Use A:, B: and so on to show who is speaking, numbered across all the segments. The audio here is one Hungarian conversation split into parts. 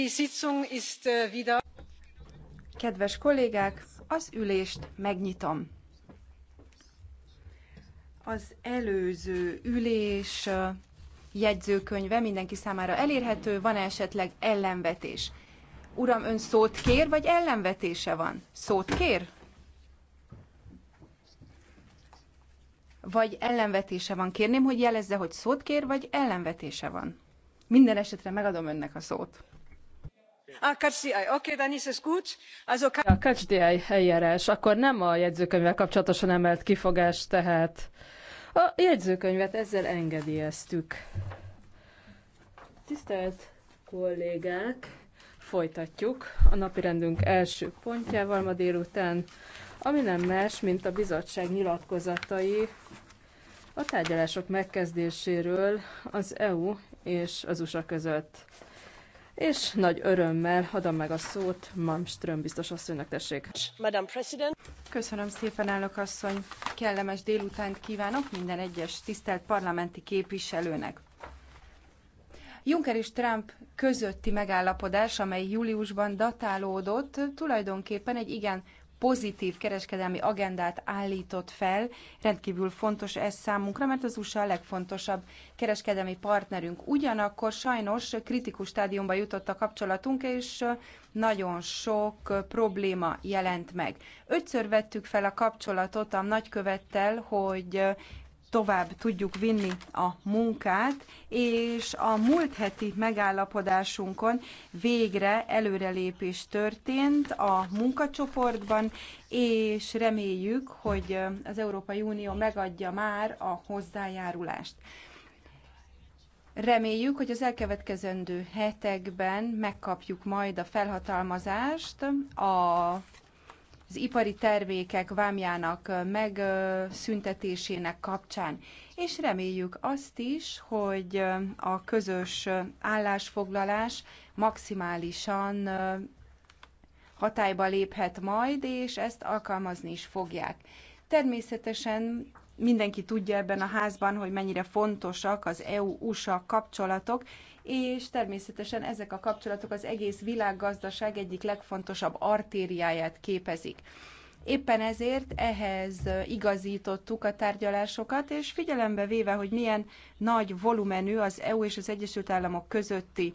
A: Äh, Kedves kollégák, az ülést megnyitom. Az előző ülés jegyzőkönyve mindenki számára elérhető, van -e esetleg ellenvetés? Uram, ön szót kér, vagy ellenvetése van? Szót kér? Vagy ellenvetése van? Kérném, hogy jelezze, hogy szót kér, vagy ellenvetése van. Minden esetre megadom önnek a szót.
B: Ah, a catch oké, eye
A: ez A eljárás, akkor nem
B: a jegyzőkönyvvel kapcsolatosan emelt kifogás, tehát a jegyzőkönyvet ezzel engedélyeztük. Tisztelt kollégák, folytatjuk a napirendünk első pontjával ma délután, ami nem más, mint a bizottság nyilatkozatai a tárgyalások megkezdéséről az EU és az USA között és nagy örömmel adom meg a szót Malmström biztos asszonynak, tessék.
A: Madam President. Köszönöm szépen, elnök asszony. Kellemes délutánt kívánok minden egyes tisztelt parlamenti képviselőnek. Juncker és Trump közötti megállapodás, amely júliusban datálódott, tulajdonképpen egy igen pozitív kereskedelmi agendát állított fel. Rendkívül fontos ez számunkra, mert az USA a legfontosabb kereskedelmi partnerünk. Ugyanakkor sajnos kritikus stádiumba jutott a kapcsolatunk, és nagyon sok probléma jelent meg. Ötször vettük fel a kapcsolatot a nagykövettel, hogy tovább tudjuk vinni a munkát, és a múlt heti megállapodásunkon végre előrelépés történt a munkacsoportban, és reméljük, hogy az Európai Unió megadja már a hozzájárulást. Reméljük, hogy az elkövetkezendő hetekben megkapjuk majd a felhatalmazást a az ipari termékek vámjának megszüntetésének kapcsán. És reméljük azt is, hogy a közös állásfoglalás maximálisan hatályba léphet majd, és ezt alkalmazni is fogják. Természetesen mindenki tudja ebben a házban, hogy mennyire fontosak az EU-USA kapcsolatok, és természetesen ezek a kapcsolatok az egész világgazdaság egyik legfontosabb artériáját képezik. Éppen ezért ehhez igazítottuk a tárgyalásokat, és figyelembe véve, hogy milyen nagy volumenű az EU és az Egyesült Államok közötti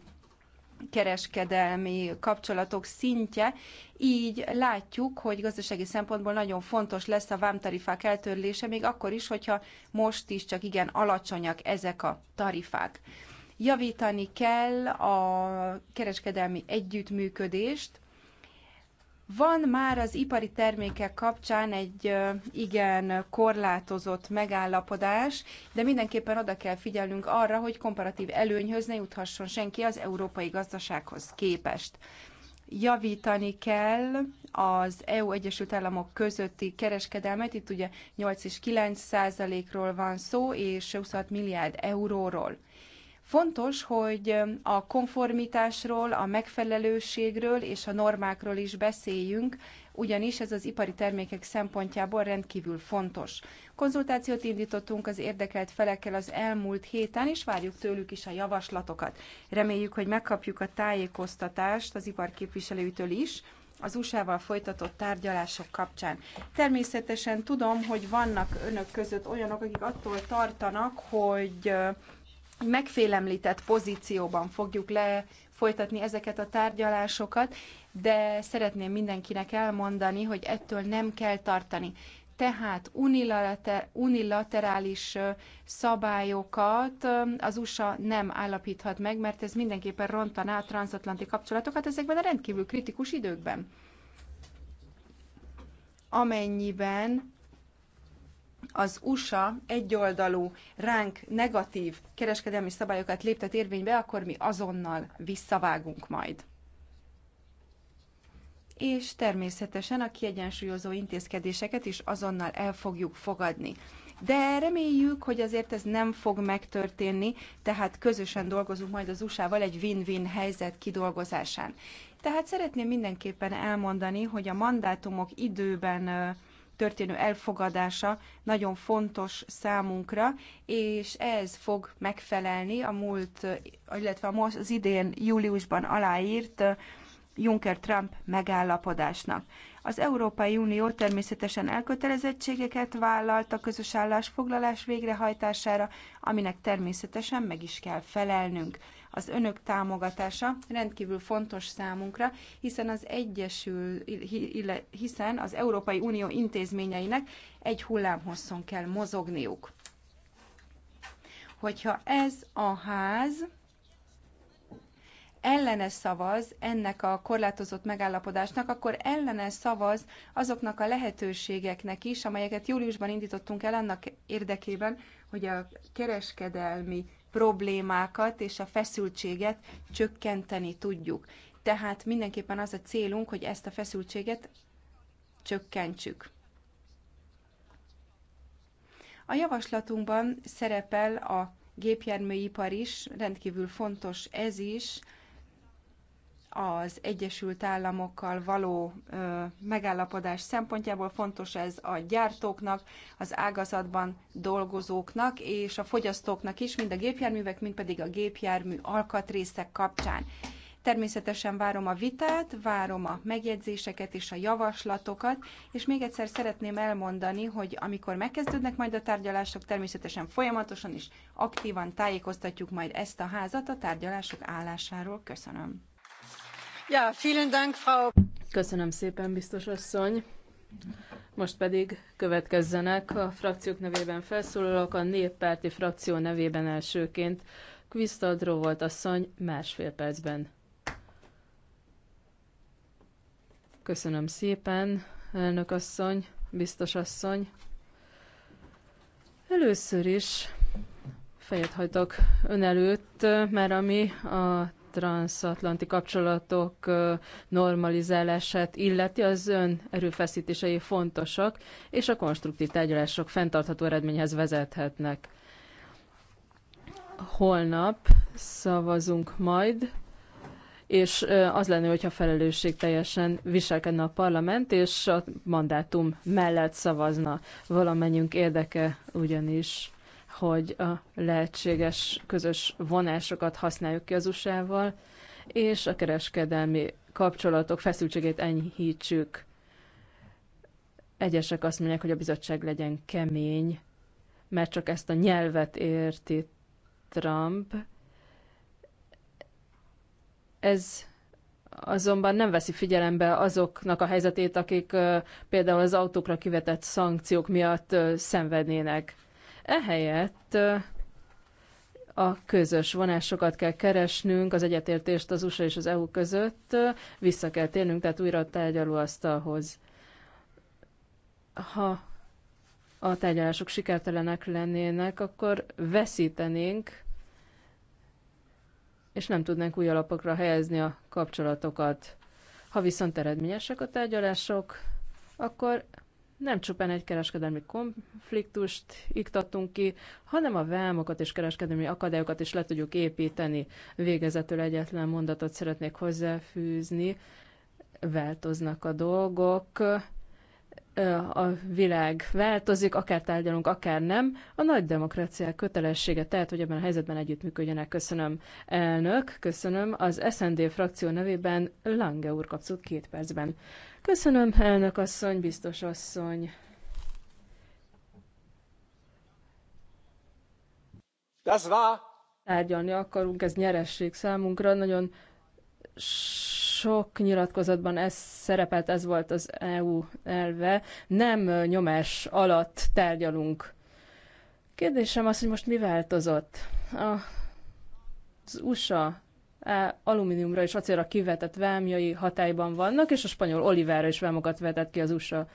A: kereskedelmi kapcsolatok szintje, így látjuk, hogy gazdasági szempontból nagyon fontos lesz a vámtarifák eltörlése, még akkor is, hogyha most is csak igen alacsonyak ezek a tarifák. Javítani kell a kereskedelmi együttműködést. Van már az ipari termékek kapcsán egy igen korlátozott megállapodás, de mindenképpen oda kell figyelnünk arra, hogy komparatív előnyhöz ne juthasson senki az európai gazdasághoz képest javítani kell az EU Egyesült Államok közötti kereskedelmet, itt ugye 8 és 9 százalékról van szó, és 26 milliárd euróról. Fontos, hogy a konformitásról, a megfelelőségről és a normákról is beszéljünk, ugyanis ez az ipari termékek szempontjából rendkívül fontos. Konzultációt indítottunk az érdekelt felekkel az elmúlt héten, és várjuk tőlük is a javaslatokat. Reméljük, hogy megkapjuk a tájékoztatást az iparképviselőtől is, az USA-val folytatott tárgyalások kapcsán. Természetesen tudom, hogy vannak önök között olyanok, akik attól tartanak, hogy megfélemlített pozícióban fogjuk le folytatni ezeket a tárgyalásokat, de szeretném mindenkinek elmondani, hogy ettől nem kell tartani. Tehát unilaterális szabályokat az USA nem állapíthat meg, mert ez mindenképpen rontaná a transatlanti kapcsolatokat ezekben a rendkívül kritikus időkben. Amennyiben az USA egyoldalú, ránk negatív kereskedelmi szabályokat léptet érvénybe, akkor mi azonnal visszavágunk majd. És természetesen a kiegyensúlyozó intézkedéseket is azonnal el fogjuk fogadni. De reméljük, hogy azért ez nem fog megtörténni, tehát közösen dolgozunk majd az USA-val egy win-win helyzet kidolgozásán. Tehát szeretném mindenképpen elmondani, hogy a mandátumok időben történő elfogadása nagyon fontos számunkra, és ez fog megfelelni a múlt, illetve most az idén júliusban aláírt uh, Juncker-Trump megállapodásnak. Az Európai Unió természetesen elkötelezettségeket vállalt a közös állásfoglalás végrehajtására, aminek természetesen meg is kell felelnünk. Az önök támogatása rendkívül fontos számunkra, hiszen az Egyesül, hiszen az Európai Unió intézményeinek egy hullámhosszon kell mozogniuk. Hogyha ez a ház ellene szavaz ennek a korlátozott megállapodásnak, akkor ellene szavaz azoknak a lehetőségeknek is, amelyeket júliusban indítottunk el annak érdekében, hogy a kereskedelmi problémákat és a feszültséget csökkenteni tudjuk. Tehát mindenképpen az a célunk, hogy ezt a feszültséget csökkentsük. A javaslatunkban szerepel a gépjárműipar is, rendkívül fontos ez is, az Egyesült Államokkal való ö, megállapodás szempontjából fontos ez a gyártóknak, az ágazatban dolgozóknak és a fogyasztóknak is, mind a gépjárművek, mind pedig a gépjármű alkatrészek kapcsán. Természetesen várom a vitát, várom a megjegyzéseket és a javaslatokat, és még egyszer szeretném elmondani, hogy amikor megkezdődnek majd a tárgyalások, természetesen folyamatosan és aktívan tájékoztatjuk majd ezt a házat a tárgyalások állásáról. Köszönöm. Ja, Köszönöm szépen, biztos asszony. Most
B: pedig következzenek a frakciók nevében felszólalók, a néppárti frakció nevében elsőként. Kvisztadró volt asszony másfél percben. Köszönöm szépen, elnök asszony, biztos asszony. Először is fejet hajtok ön előtt, mert ami a transatlanti kapcsolatok normalizálását illeti, az ön erőfeszítései fontosak, és a konstruktív tárgyalások fenntartható eredményhez vezethetnek. Holnap szavazunk majd, és az lenne, hogyha felelősség teljesen viselkedne a parlament, és a mandátum mellett szavazna valamennyünk érdeke ugyanis hogy a lehetséges közös vonásokat használjuk ki az USA-val, és a kereskedelmi kapcsolatok feszültségét enyhítsük. Egyesek azt mondják, hogy a bizottság legyen kemény, mert csak ezt a nyelvet érti Trump. Ez azonban nem veszi figyelembe azoknak a helyzetét, akik például az autókra kivetett szankciók miatt szenvednének. Ehelyett a közös vonásokat kell keresnünk, az egyetértést az USA és az EU között, vissza kell térnünk, tehát újra a tárgyalóasztalhoz. Ha a tárgyalások sikertelenek lennének, akkor veszítenénk, és nem tudnánk új alapokra helyezni a kapcsolatokat. Ha viszont eredményesek a tárgyalások, akkor nem csupán egy kereskedelmi konfliktust iktattunk ki, hanem a vámokat és kereskedelmi akadályokat is le tudjuk építeni. Végezetül egyetlen mondatot szeretnék hozzáfűzni. Változnak a dolgok, a világ változik, akár tárgyalunk, akár nem. A nagy demokrácia kötelessége tehát, hogy ebben a helyzetben együttműködjenek. Köszönöm, elnök, köszönöm. Az SND frakció nevében Lange úr kapszott két percben. Köszönöm, elnök asszony, biztos asszony. Das Tárgyalni akarunk, ez nyeresség számunkra. Nagyon sok nyilatkozatban ez szerepelt, ez volt az EU elve. Nem nyomás alatt tárgyalunk. Kérdésem az, hogy most mi változott? A, az USA e, alumíniumra és acélra kivetett vámjai hatályban vannak, és a spanyol olivára is vámokat vetett ki az USA.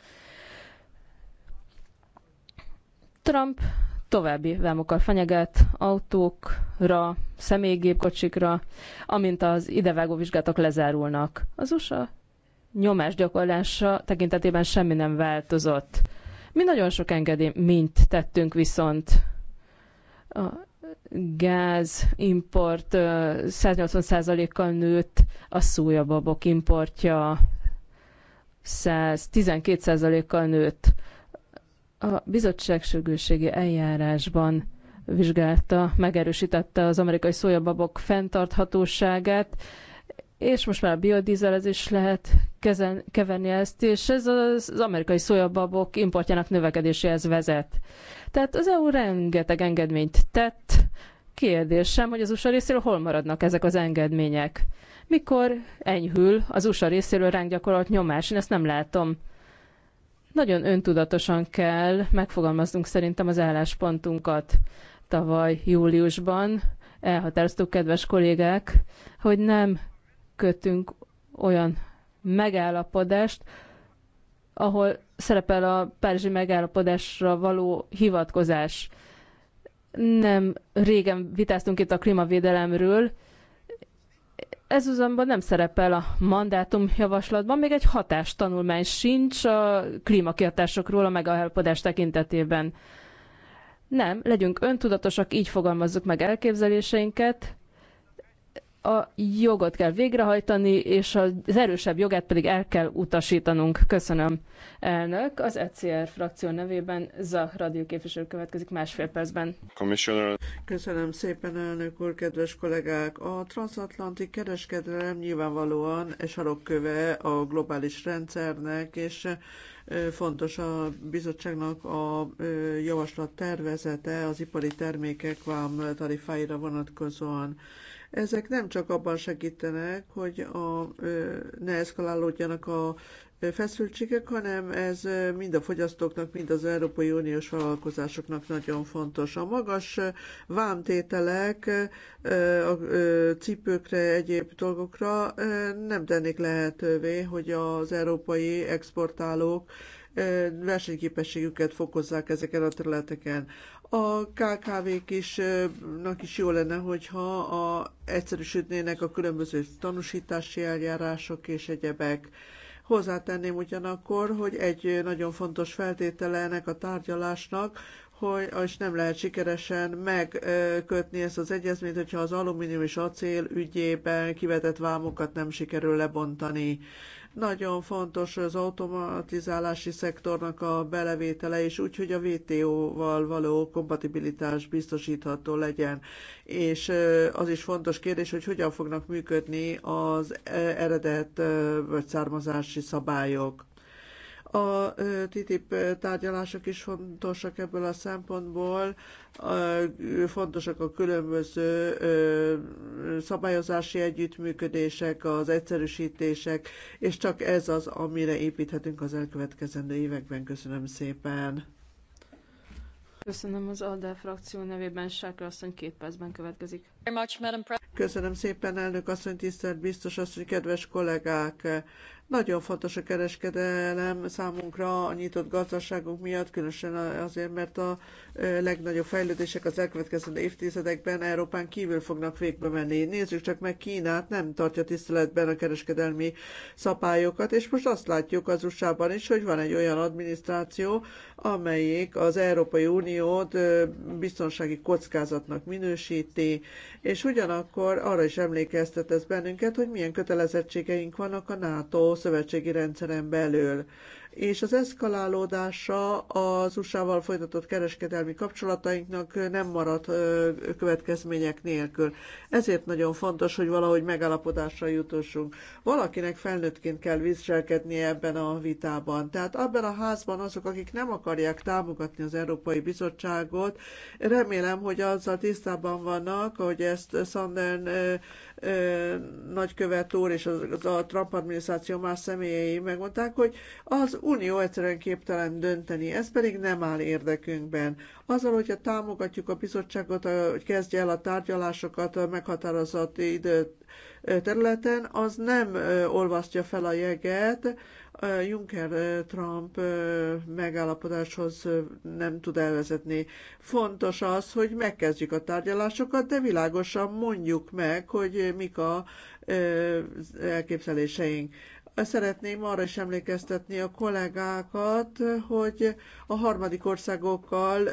B: Trump további vámokkal fenyeget autókra, személygépkocsikra, amint az idevágó vizsgálatok lezárulnak. Az USA nyomásgyakorlása tekintetében semmi nem változott. Mi nagyon sok mint tettünk viszont a gáz import 180%-kal nőtt, a szójababok importja 112%-kal nőtt. A bizottság sürgősségi eljárásban vizsgálta, megerősítette az amerikai szójababok fenntarthatóságát, és most már a biodízelezés lehet kezen, keverni ezt, és ez az, az amerikai szójababok importjának növekedéséhez vezet. Tehát az EU rengeteg engedményt tett, kérdésem, hogy az USA részéről hol maradnak ezek az engedmények. Mikor enyhül az USA részéről ránk gyakorolt nyomás? Én ezt nem látom. Nagyon öntudatosan kell megfogalmaznunk szerintem az álláspontunkat tavaly júliusban. Elhatároztuk, kedves kollégák, hogy nem kötünk olyan megállapodást, ahol szerepel a párizsi megállapodásra való hivatkozás. Nem régen vitáztunk itt a klímavédelemről, ez azonban nem szerepel a mandátum javaslatban, még egy hatástanulmány sincs a klímakihatásokról a megállapodás tekintetében. Nem, legyünk öntudatosak, így fogalmazzuk meg elképzeléseinket, a jogot kell végrehajtani, és az erősebb jogát pedig el kell utasítanunk. Köszönöm, elnök. Az ECR
C: frakció nevében radio képviselő következik másfél percben.
B: Commissioner.
C: Köszönöm szépen, elnök úr, kedves kollégák. A transatlanti kereskedelem nyilvánvalóan e sarokköve a globális rendszernek, és fontos a bizottságnak a javaslat tervezete az ipari termékek vám tarifáira vonatkozóan. Ezek nem csak abban segítenek, hogy a, ne eszkalálódjanak a feszültségek, hanem ez mind a fogyasztóknak, mind az Európai Uniós vállalkozásoknak nagyon fontos. A magas vámtételek a cipőkre, egyéb dolgokra nem tennék lehetővé, hogy az európai exportálók versenyképességüket fokozzák ezeken a területeken a KKV-k is, is jó lenne, hogyha a, egyszerűsödnének a különböző tanúsítási eljárások és egyebek. Hozzátenném ugyanakkor, hogy egy nagyon fontos feltétele ennek a tárgyalásnak, hogy és nem lehet sikeresen megkötni ezt az egyezményt, hogyha az alumínium és acél ügyében kivetett vámokat nem sikerül lebontani. Nagyon fontos az automatizálási szektornak a belevétele is, úgyhogy a VTO-val való kompatibilitás biztosítható legyen. És az is fontos kérdés, hogy hogyan fognak működni az eredet vagy származási szabályok a TTIP tárgyalások is fontosak ebből a szempontból, fontosak a különböző szabályozási együttműködések, az egyszerűsítések, és csak ez az, amire építhetünk az elkövetkezendő években. Köszönöm szépen!
B: Köszönöm az ALDE frakció nevében, Sákra asszony két
C: percben következik. Köszönöm szépen, elnök asszony, tisztelt biztos asszony, kedves kollégák! Nagyon fontos a kereskedelem számunkra a nyitott gazdaságunk miatt, különösen azért, mert a legnagyobb fejlődések az elkövetkező évtizedekben Európán kívül fognak végbe menni. Nézzük csak meg Kínát, nem tartja tiszteletben a kereskedelmi szabályokat, és most azt látjuk az USA-ban is, hogy van egy olyan adminisztráció, amelyik az Európai Uniót biztonsági kockázatnak minősíti, és ugyanakkor arra is emlékeztet ez bennünket, hogy milyen kötelezettségeink vannak a NATO szövetségi rendszeren belül és az eszkalálódása az USA-val folytatott kereskedelmi kapcsolatainknak nem maradt következmények nélkül. Ezért nagyon fontos, hogy valahogy megállapodásra jutossunk. Valakinek felnőttként kell viselkednie ebben a vitában. Tehát abban a házban azok, akik nem akarják támogatni az Európai Bizottságot, remélem, hogy azzal tisztában vannak, hogy ezt Sandern nagykövet úr és az, a Trump adminisztráció más személyei megmondták, hogy az Unió egyszerűen képtelen dönteni, ez pedig nem áll érdekünkben. Azzal, hogyha támogatjuk a bizottságot, hogy kezdje el a tárgyalásokat a meghatározott idő területen, az nem olvasztja fel a jeget, Juncker-Trump megállapodáshoz nem tud elvezetni. Fontos az, hogy megkezdjük a tárgyalásokat, de világosan mondjuk meg, hogy mik a elképzeléseink. Szeretném arra is emlékeztetni a kollégákat, hogy a harmadik országokkal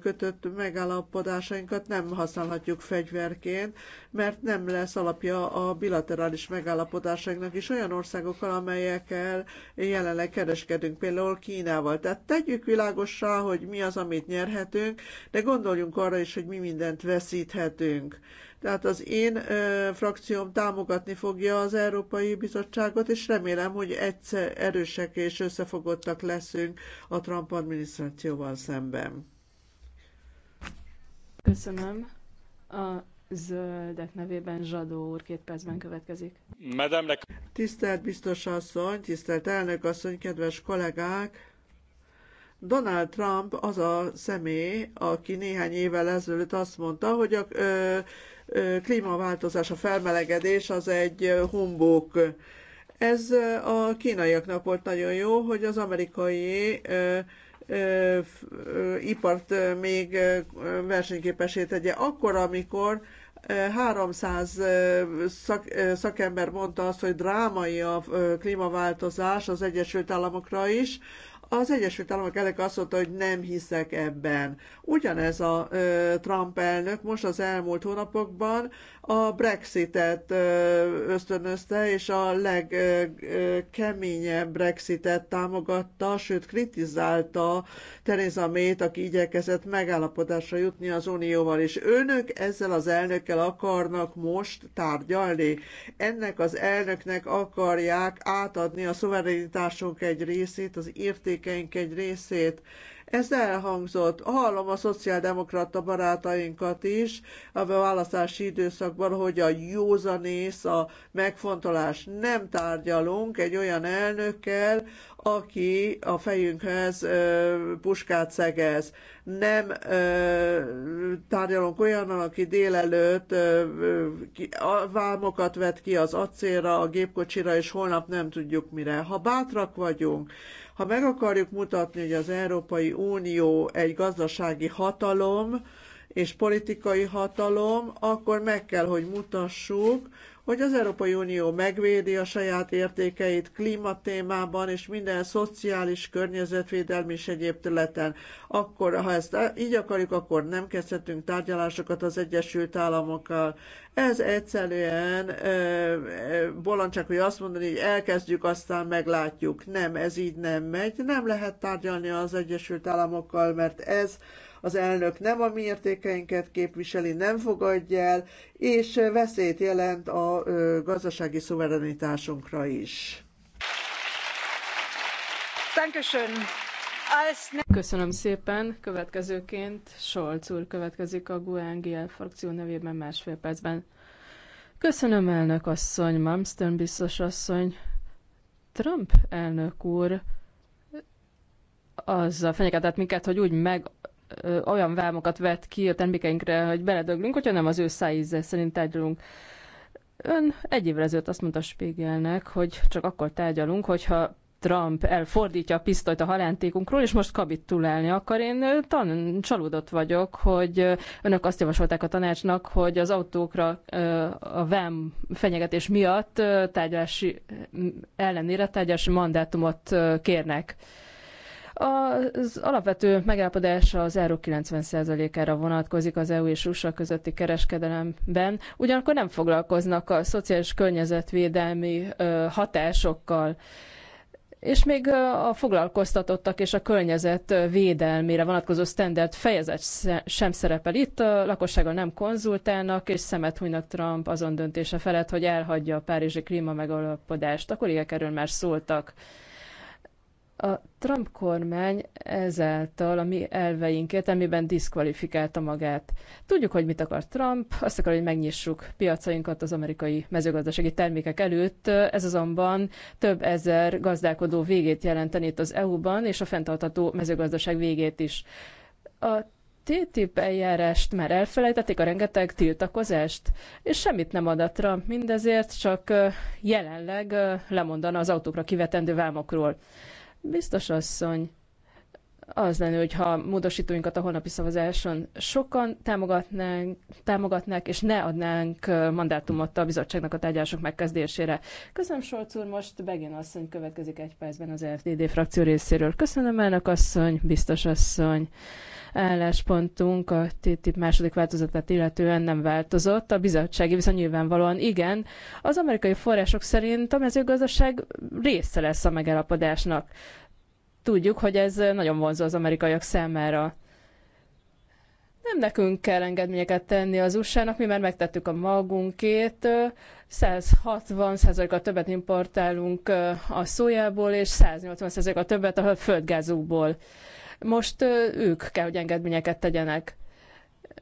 C: kötött megállapodásainkat nem használhatjuk fegyverként, mert nem lesz alapja a bilaterális megállapodásainknak is olyan országokkal, amelyekkel jelenleg kereskedünk, például Kínával. Tehát tegyük világossá, hogy mi az, amit nyerhetünk, de gondoljunk arra is, hogy mi mindent veszíthetünk tehát az én ö, frakcióm támogatni fogja az Európai Bizottságot, és remélem, hogy egyszer erősek és összefogottak leszünk a Trump adminisztrációval szemben. Köszönöm. A zöldek nevében Zsadó úr két percben következik. Medemnek. Tisztelt biztos asszony, tisztelt elnök asszony, kedves kollégák! Donald Trump az a személy, aki néhány évvel ezelőtt azt mondta, hogy a ö, klímaváltozás, a felmelegedés az egy humbók. Ez a kínaiaknak volt nagyon jó, hogy az amerikai ipart még versenyképesé tegye. Akkor, amikor 300 szak, szakember mondta azt, hogy drámai a klímaváltozás az Egyesült Államokra is, az Egyesült Államok elnök azt mondta, hogy nem hiszek ebben. Ugyanez a Trump elnök most az elmúlt hónapokban a Brexitet ösztönözte, és a legkeményebb Brexitet támogatta, sőt kritizálta Theresa May-t, aki igyekezett megállapodásra jutni az Unióval, és önök ezzel az elnökkel akarnak most tárgyalni. Ennek az elnöknek akarják átadni a szuverenitásunk egy részét, az érték értékeink egy részét. Ez elhangzott. Hallom a szociáldemokrata barátainkat is a választási időszakban, hogy a józanész, a megfontolás nem tárgyalunk egy olyan elnökkel, aki a fejünkhez ö, puskát szegez. Nem ö, tárgyalunk olyannal, aki délelőtt ö, ki, a vámokat vet ki az acélra, a gépkocsira, és holnap nem tudjuk mire. Ha bátrak vagyunk, ha meg akarjuk mutatni, hogy az Európai Unió egy gazdasági hatalom, és politikai hatalom, akkor meg kell, hogy mutassuk, hogy az Európai Unió megvédi a saját értékeit klímatémában és minden szociális, környezetvédelmi és egyéb területen. Akkor, ha ezt így akarjuk, akkor nem kezdhetünk tárgyalásokat az Egyesült Államokkal. Ez egyszerűen e, e, csak hogy azt mondani, hogy elkezdjük, aztán meglátjuk. Nem, ez így nem megy. Nem lehet tárgyalni az Egyesült Államokkal, mert ez az elnök nem a mi értékeinket képviseli, nem fogadja el, és veszélyt jelent a gazdasági szuverenitásunkra is.
B: Köszönöm szépen. Következőként Solc úr következik a GUNGL frakció nevében másfél percben. Köszönöm elnök asszony, Malmström biztos asszony, Trump elnök úr azzal fenyegetett minket, hogy úgy meg olyan vámokat vet ki a termékeinkre, hogy beledöglünk, hogyha nem az ő szájízzel szerint tárgyalunk. Ön egy évvel ezelőtt azt mondta Spiegelnek, hogy csak akkor tárgyalunk, hogyha Trump elfordítja a pisztolyt a halántékunkról, és most kabitulálni akar. Én tan csalódott vagyok, hogy önök azt javasolták a tanácsnak, hogy az autókra a VEM fenyegetés miatt tárgyalási ellenére tárgyalási mandátumot kérnek. Az alapvető megállapodása az euró 90%-ára vonatkozik az EU és USA közötti kereskedelemben, ugyanakkor nem foglalkoznak a szociális környezetvédelmi hatásokkal és még a foglalkoztatottak és a környezet védelmére vonatkozó standard fejezet sem szerepel itt, a lakossággal nem konzultálnak, és szemet hunynak Trump azon döntése felett, hogy elhagyja a Párizsi megalapodást. A kollégák erről már szóltak. A Trump kormány ezáltal a mi elveinket, amiben diszkvalifikálta magát. Tudjuk, hogy mit akar Trump, azt akar, hogy megnyissuk piacainkat az amerikai mezőgazdasági termékek előtt. Ez azonban több ezer gazdálkodó végét jelenteni itt az EU-ban, és a fenntartható mezőgazdaság végét is. A TTIP eljárást már elfelejtették, a rengeteg tiltakozást, és semmit nem ad a Trump mindezért, csak jelenleg lemondana az autókra kivetendő vámokról. Biztos asszony, az lenne, hogyha módosítóinkat a holnapi szavazáson sokan támogatnánk, támogatnák, és ne adnánk mandátumot a bizottságnak a tárgyalások megkezdésére. Köszönöm, Solc úr, most Begin asszony következik egy percben az FDD frakció részéről. Köszönöm, elnök asszony, biztos asszony. Álláspontunk a TTIP második változatát illetően nem változott, a bizottsági viszont nyilvánvalóan igen. Az amerikai források szerint a mezőgazdaság része lesz a megállapodásnak. Tudjuk, hogy ez nagyon vonzó az amerikaiak számára. Nem nekünk kell engedményeket tenni az USA-nak, mi már megtettük a magunkét. 160%-a többet importálunk a szójából, és 180%-a többet a földgázukból. Most ők kell, hogy engedményeket tegyenek.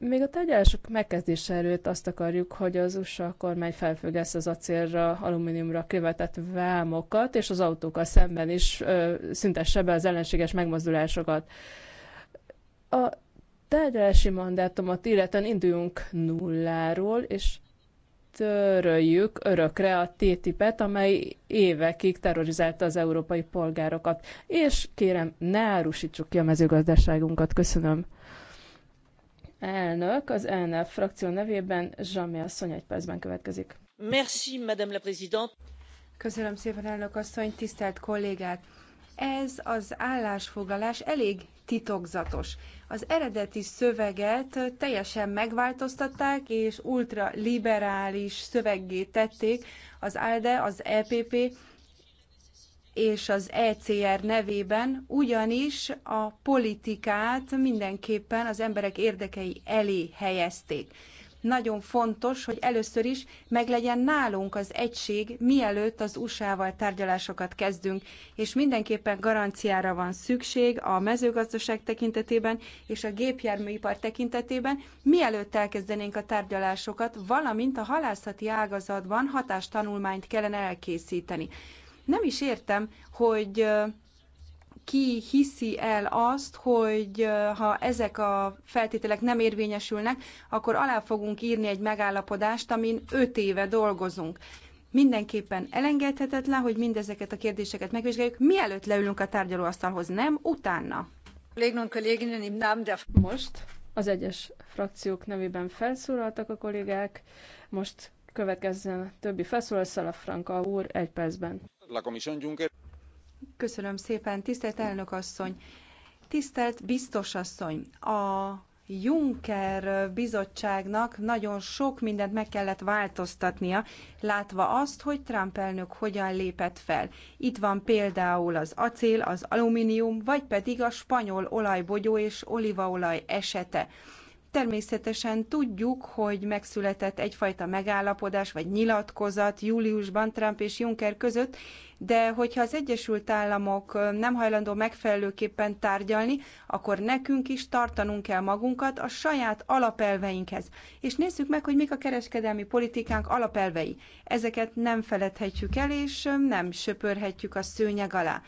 B: Még a tárgyalások megkezdése előtt azt akarjuk, hogy az USA kormány felfüggesz az acélra, alumíniumra kivetett vámokat, és az autókkal szemben is ö, szüntesse be az ellenséges megmozdulásokat. A tárgyalási mandátumot illetően induljunk nulláról, és töröljük örökre a TTIP-et, amely évekig terrorizálta az európai polgárokat. És kérem, ne árusítsuk ki a mezőgazdaságunkat. Köszönöm. Elnök, az ELNF frakció nevében Zsami asszony egy percben következik.
C: Merci, Madame la Présidente.
A: Köszönöm szépen, elnök asszony, tisztelt kollégát. Ez az állásfoglalás elég titokzatos. Az eredeti szöveget teljesen megváltoztatták, és ultraliberális szöveggé tették az ALDE, az EPP, és az ECR nevében, ugyanis a politikát mindenképpen az emberek érdekei elé helyezték. Nagyon fontos, hogy először is meglegyen nálunk az egység, mielőtt az USA-val tárgyalásokat kezdünk, és mindenképpen garanciára van szükség a mezőgazdaság tekintetében és a gépjárműipar tekintetében, mielőtt elkezdenénk a tárgyalásokat, valamint a halászati ágazatban hatástanulmányt kellene elkészíteni. Nem is értem, hogy ki hiszi el azt, hogy ha ezek a feltételek nem érvényesülnek, akkor alá fogunk írni egy megállapodást, amin öt éve dolgozunk. Mindenképpen elengedhetetlen, hogy mindezeket a kérdéseket megvizsgáljuk, mielőtt leülünk a tárgyalóasztalhoz, nem utána. Most az egyes frakciók nevében felszólaltak a
B: kollégák, most következzen a többi felszólalás, Szalafranka úr egy percben.
A: Köszönöm szépen, tisztelt elnök asszony, tisztelt biztos asszony. A Juncker bizottságnak nagyon sok mindent meg kellett változtatnia, látva azt, hogy Trump elnök hogyan lépett fel. Itt van például az acél, az alumínium, vagy pedig a spanyol olajbogyó és olívaolaj esete. Természetesen tudjuk, hogy megszületett egyfajta megállapodás vagy nyilatkozat júliusban Trump és Juncker között, de hogyha az Egyesült Államok nem hajlandó megfelelőképpen tárgyalni, akkor nekünk is tartanunk kell magunkat a saját alapelveinkhez. És nézzük meg, hogy mik a kereskedelmi politikánk alapelvei. Ezeket nem feledhetjük el, és nem söpörhetjük a szőnyeg alá.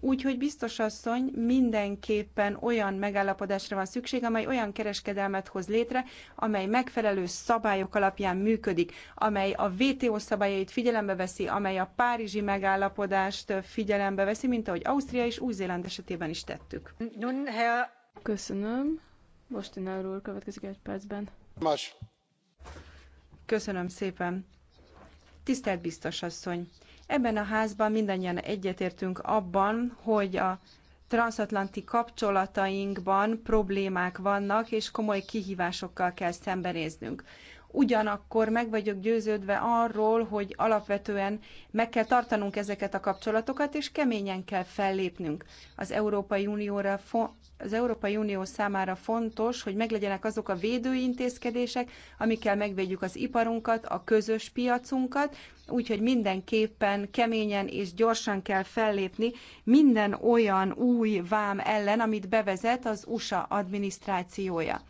A: Úgyhogy biztos asszony, mindenképpen olyan megállapodásra van szükség, amely olyan kereskedelmet hoz létre, amely megfelelő szabályok alapján működik, amely a WTO szabályait figyelembe veszi, amely a párizsi megállapodást figyelembe veszi, mint ahogy Ausztria és Új-Zéland esetében is tettük. Köszönöm. én úr következik egy percben. Más. Köszönöm szépen. Tisztelt biztos asszony! Ebben a házban mindannyian egyetértünk abban, hogy a transatlanti kapcsolatainkban problémák vannak, és komoly kihívásokkal kell szembenéznünk ugyanakkor meg vagyok győződve arról, hogy alapvetően meg kell tartanunk ezeket a kapcsolatokat, és keményen kell fellépnünk. Az Európai, Unióra az Európai Unió számára fontos, hogy meglegyenek azok a védőintézkedések, amikkel megvédjük az iparunkat, a közös piacunkat, úgyhogy mindenképpen keményen és gyorsan kell fellépni minden olyan új vám ellen, amit bevezet az USA adminisztrációja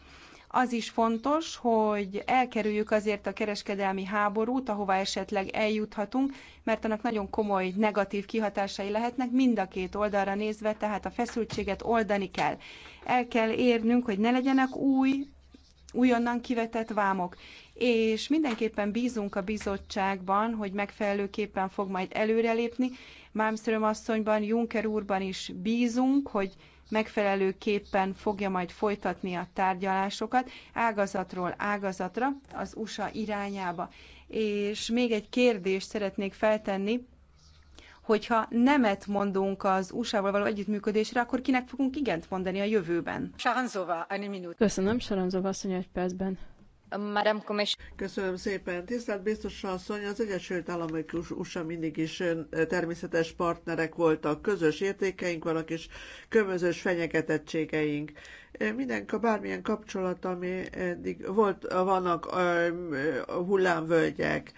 A: az is fontos, hogy elkerüljük azért a kereskedelmi háborút, ahova esetleg eljuthatunk, mert annak nagyon komoly negatív kihatásai lehetnek mind a két oldalra nézve, tehát a feszültséget oldani kell. El kell érnünk, hogy ne legyenek új, újonnan kivetett vámok és mindenképpen bízunk a bizottságban, hogy megfelelőképpen fog majd előrelépni. Mámszöröm asszonyban, Juncker úrban is bízunk, hogy megfelelőképpen fogja majd folytatni a tárgyalásokat ágazatról ágazatra az USA irányába. És még egy kérdést szeretnék feltenni, hogyha nemet mondunk az USA-val való együttműködésre, akkor kinek fogunk igent mondani a jövőben?
C: Zova, egy minút.
B: Köszönöm, Sharon Zova, egy percben.
C: Köszönöm szépen. Tisztelt biztos asszony, az Egyesült Államok és USA mindig is természetes partnerek voltak. Közös értékeink vannak és közös fenyegetettségeink. a bármilyen kapcsolat, ami eddig volt, vannak hullámvölgyek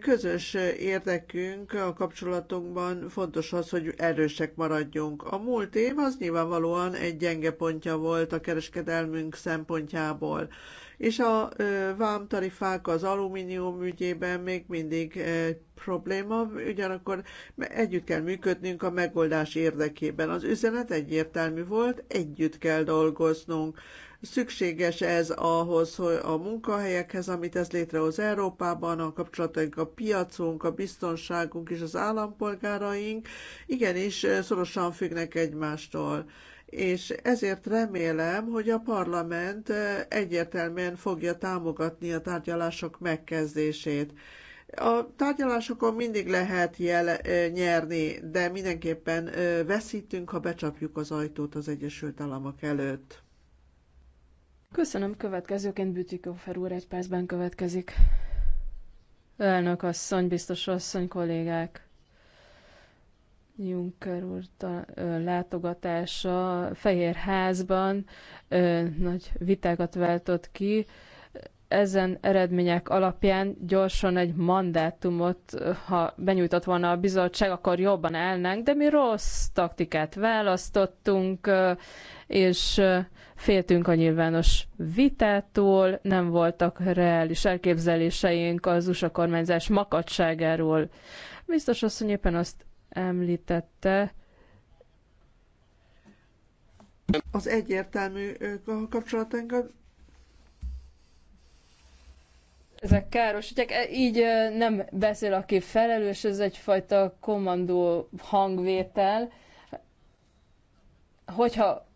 C: közös érdekünk a kapcsolatunkban fontos az, hogy erősek maradjunk. A múlt év az nyilvánvalóan egy gyenge pontja volt a kereskedelmünk szempontjából és a vámtarifák az alumínium ügyében még mindig probléma, ugyanakkor együtt kell működnünk a megoldás érdekében. Az üzenet egyértelmű volt, együtt kell dolgoznunk. Szükséges ez ahhoz, hogy a munkahelyekhez, amit ez létrehoz Európában, a kapcsolataink, a piacunk, a biztonságunk és az állampolgáraink igenis szorosan függnek egymástól és ezért remélem, hogy a parlament egyértelműen fogja támogatni a tárgyalások megkezdését. A tárgyalásokon mindig lehet jel, nyerni, de mindenképpen veszítünk, ha becsapjuk az ajtót az Egyesült Államok előtt. Köszönöm, következőként Bütikófer úr egy percben
B: következik. Elnök asszony, biztos asszony, kollégák! Juncker úr látogatása Fehérházban nagy vitákat váltott ki. Ezen eredmények alapján gyorsan egy mandátumot, ha benyújtott volna a bizottság, akkor jobban állnánk, de mi rossz taktikát választottunk, és féltünk a nyilvános vitától, nem voltak reális elképzeléseink az USA kormányzás makadságáról. Biztos hogy éppen
C: azt említette. Az egyértelmű kapcsolatainkat
B: ezek károsítják. E, így nem beszél, aki felelős, ez egyfajta kommandó hangvétel. Hogyha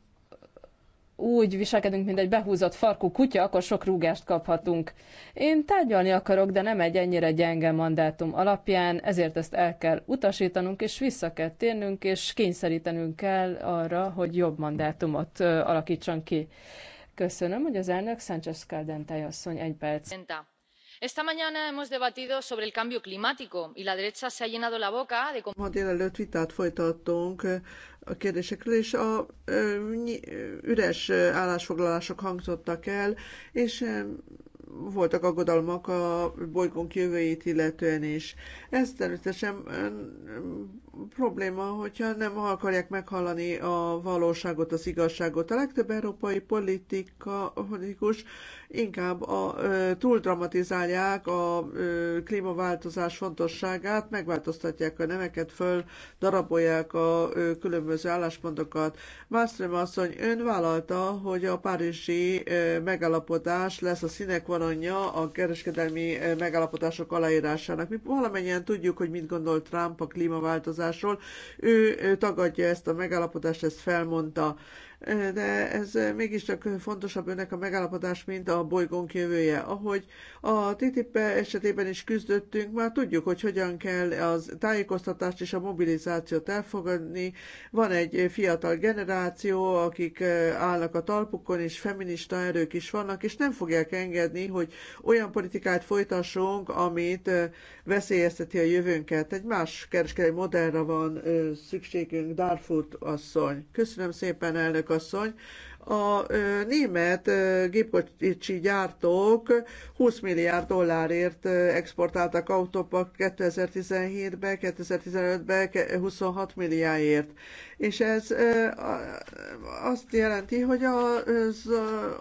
B: úgy viselkedünk, mint egy behúzott farkú kutya, akkor sok rúgást kaphatunk. Én tárgyalni akarok, de nem egy ennyire gyenge mandátum alapján, ezért ezt el kell utasítanunk, és vissza kell térnünk, és kényszerítenünk kell arra, hogy jobb mandátumot alakítson ki. Köszönöm, hogy az elnök Sánchez Caldentály asszony egy perc esta mañana hemos debatido sobre el cambio climático y la derecha se ha llenado la boca de.
C: ma délelőtt vitát folytattunk a kérdésekről, és a üres állásfoglalások hangzottak el, és voltak aggodalmak a bolygónk jövőjét illetően is. Ez természetesen probléma, hogyha nem akarják meghallani a valóságot, az igazságot. A legtöbb európai politika, politikus inkább a, ö, túl dramatizálják a ö, klímaváltozás fontosságát, megváltoztatják a nemeket, föl darabolják a ö, különböző álláspontokat. Mászlöm asszony ön vállalta, hogy a párizsi ö, megállapodás lesz a színek vonanja a kereskedelmi ö, megállapodások aláírásának. Mi valamennyien tudjuk, hogy mit gondol Trump a klímaváltozás klímaváltozásról. Ő, ő tagadja ezt a megállapodást, ezt felmondta de ez mégiscsak fontosabb önnek a megállapodás, mint a bolygónk jövője. Ahogy a TTIP esetében is küzdöttünk, már tudjuk, hogy hogyan kell az tájékoztatást és a mobilizációt elfogadni. Van egy fiatal generáció, akik eh, állnak a talpukon, és feminista erők is vannak, és nem fogják engedni, hogy olyan politikát folytassunk, amit eh, veszélyezteti a jövőnket. Egy más kereskedelmi modellre van eh, szükségünk, Darfur asszony. Köszönöm szépen, elnök asszony, a német gépkocsi gyártók 20 milliárd dollárért exportáltak autópak 2017-ben, 2015-ben 26 milliárdért és ez azt jelenti, hogy az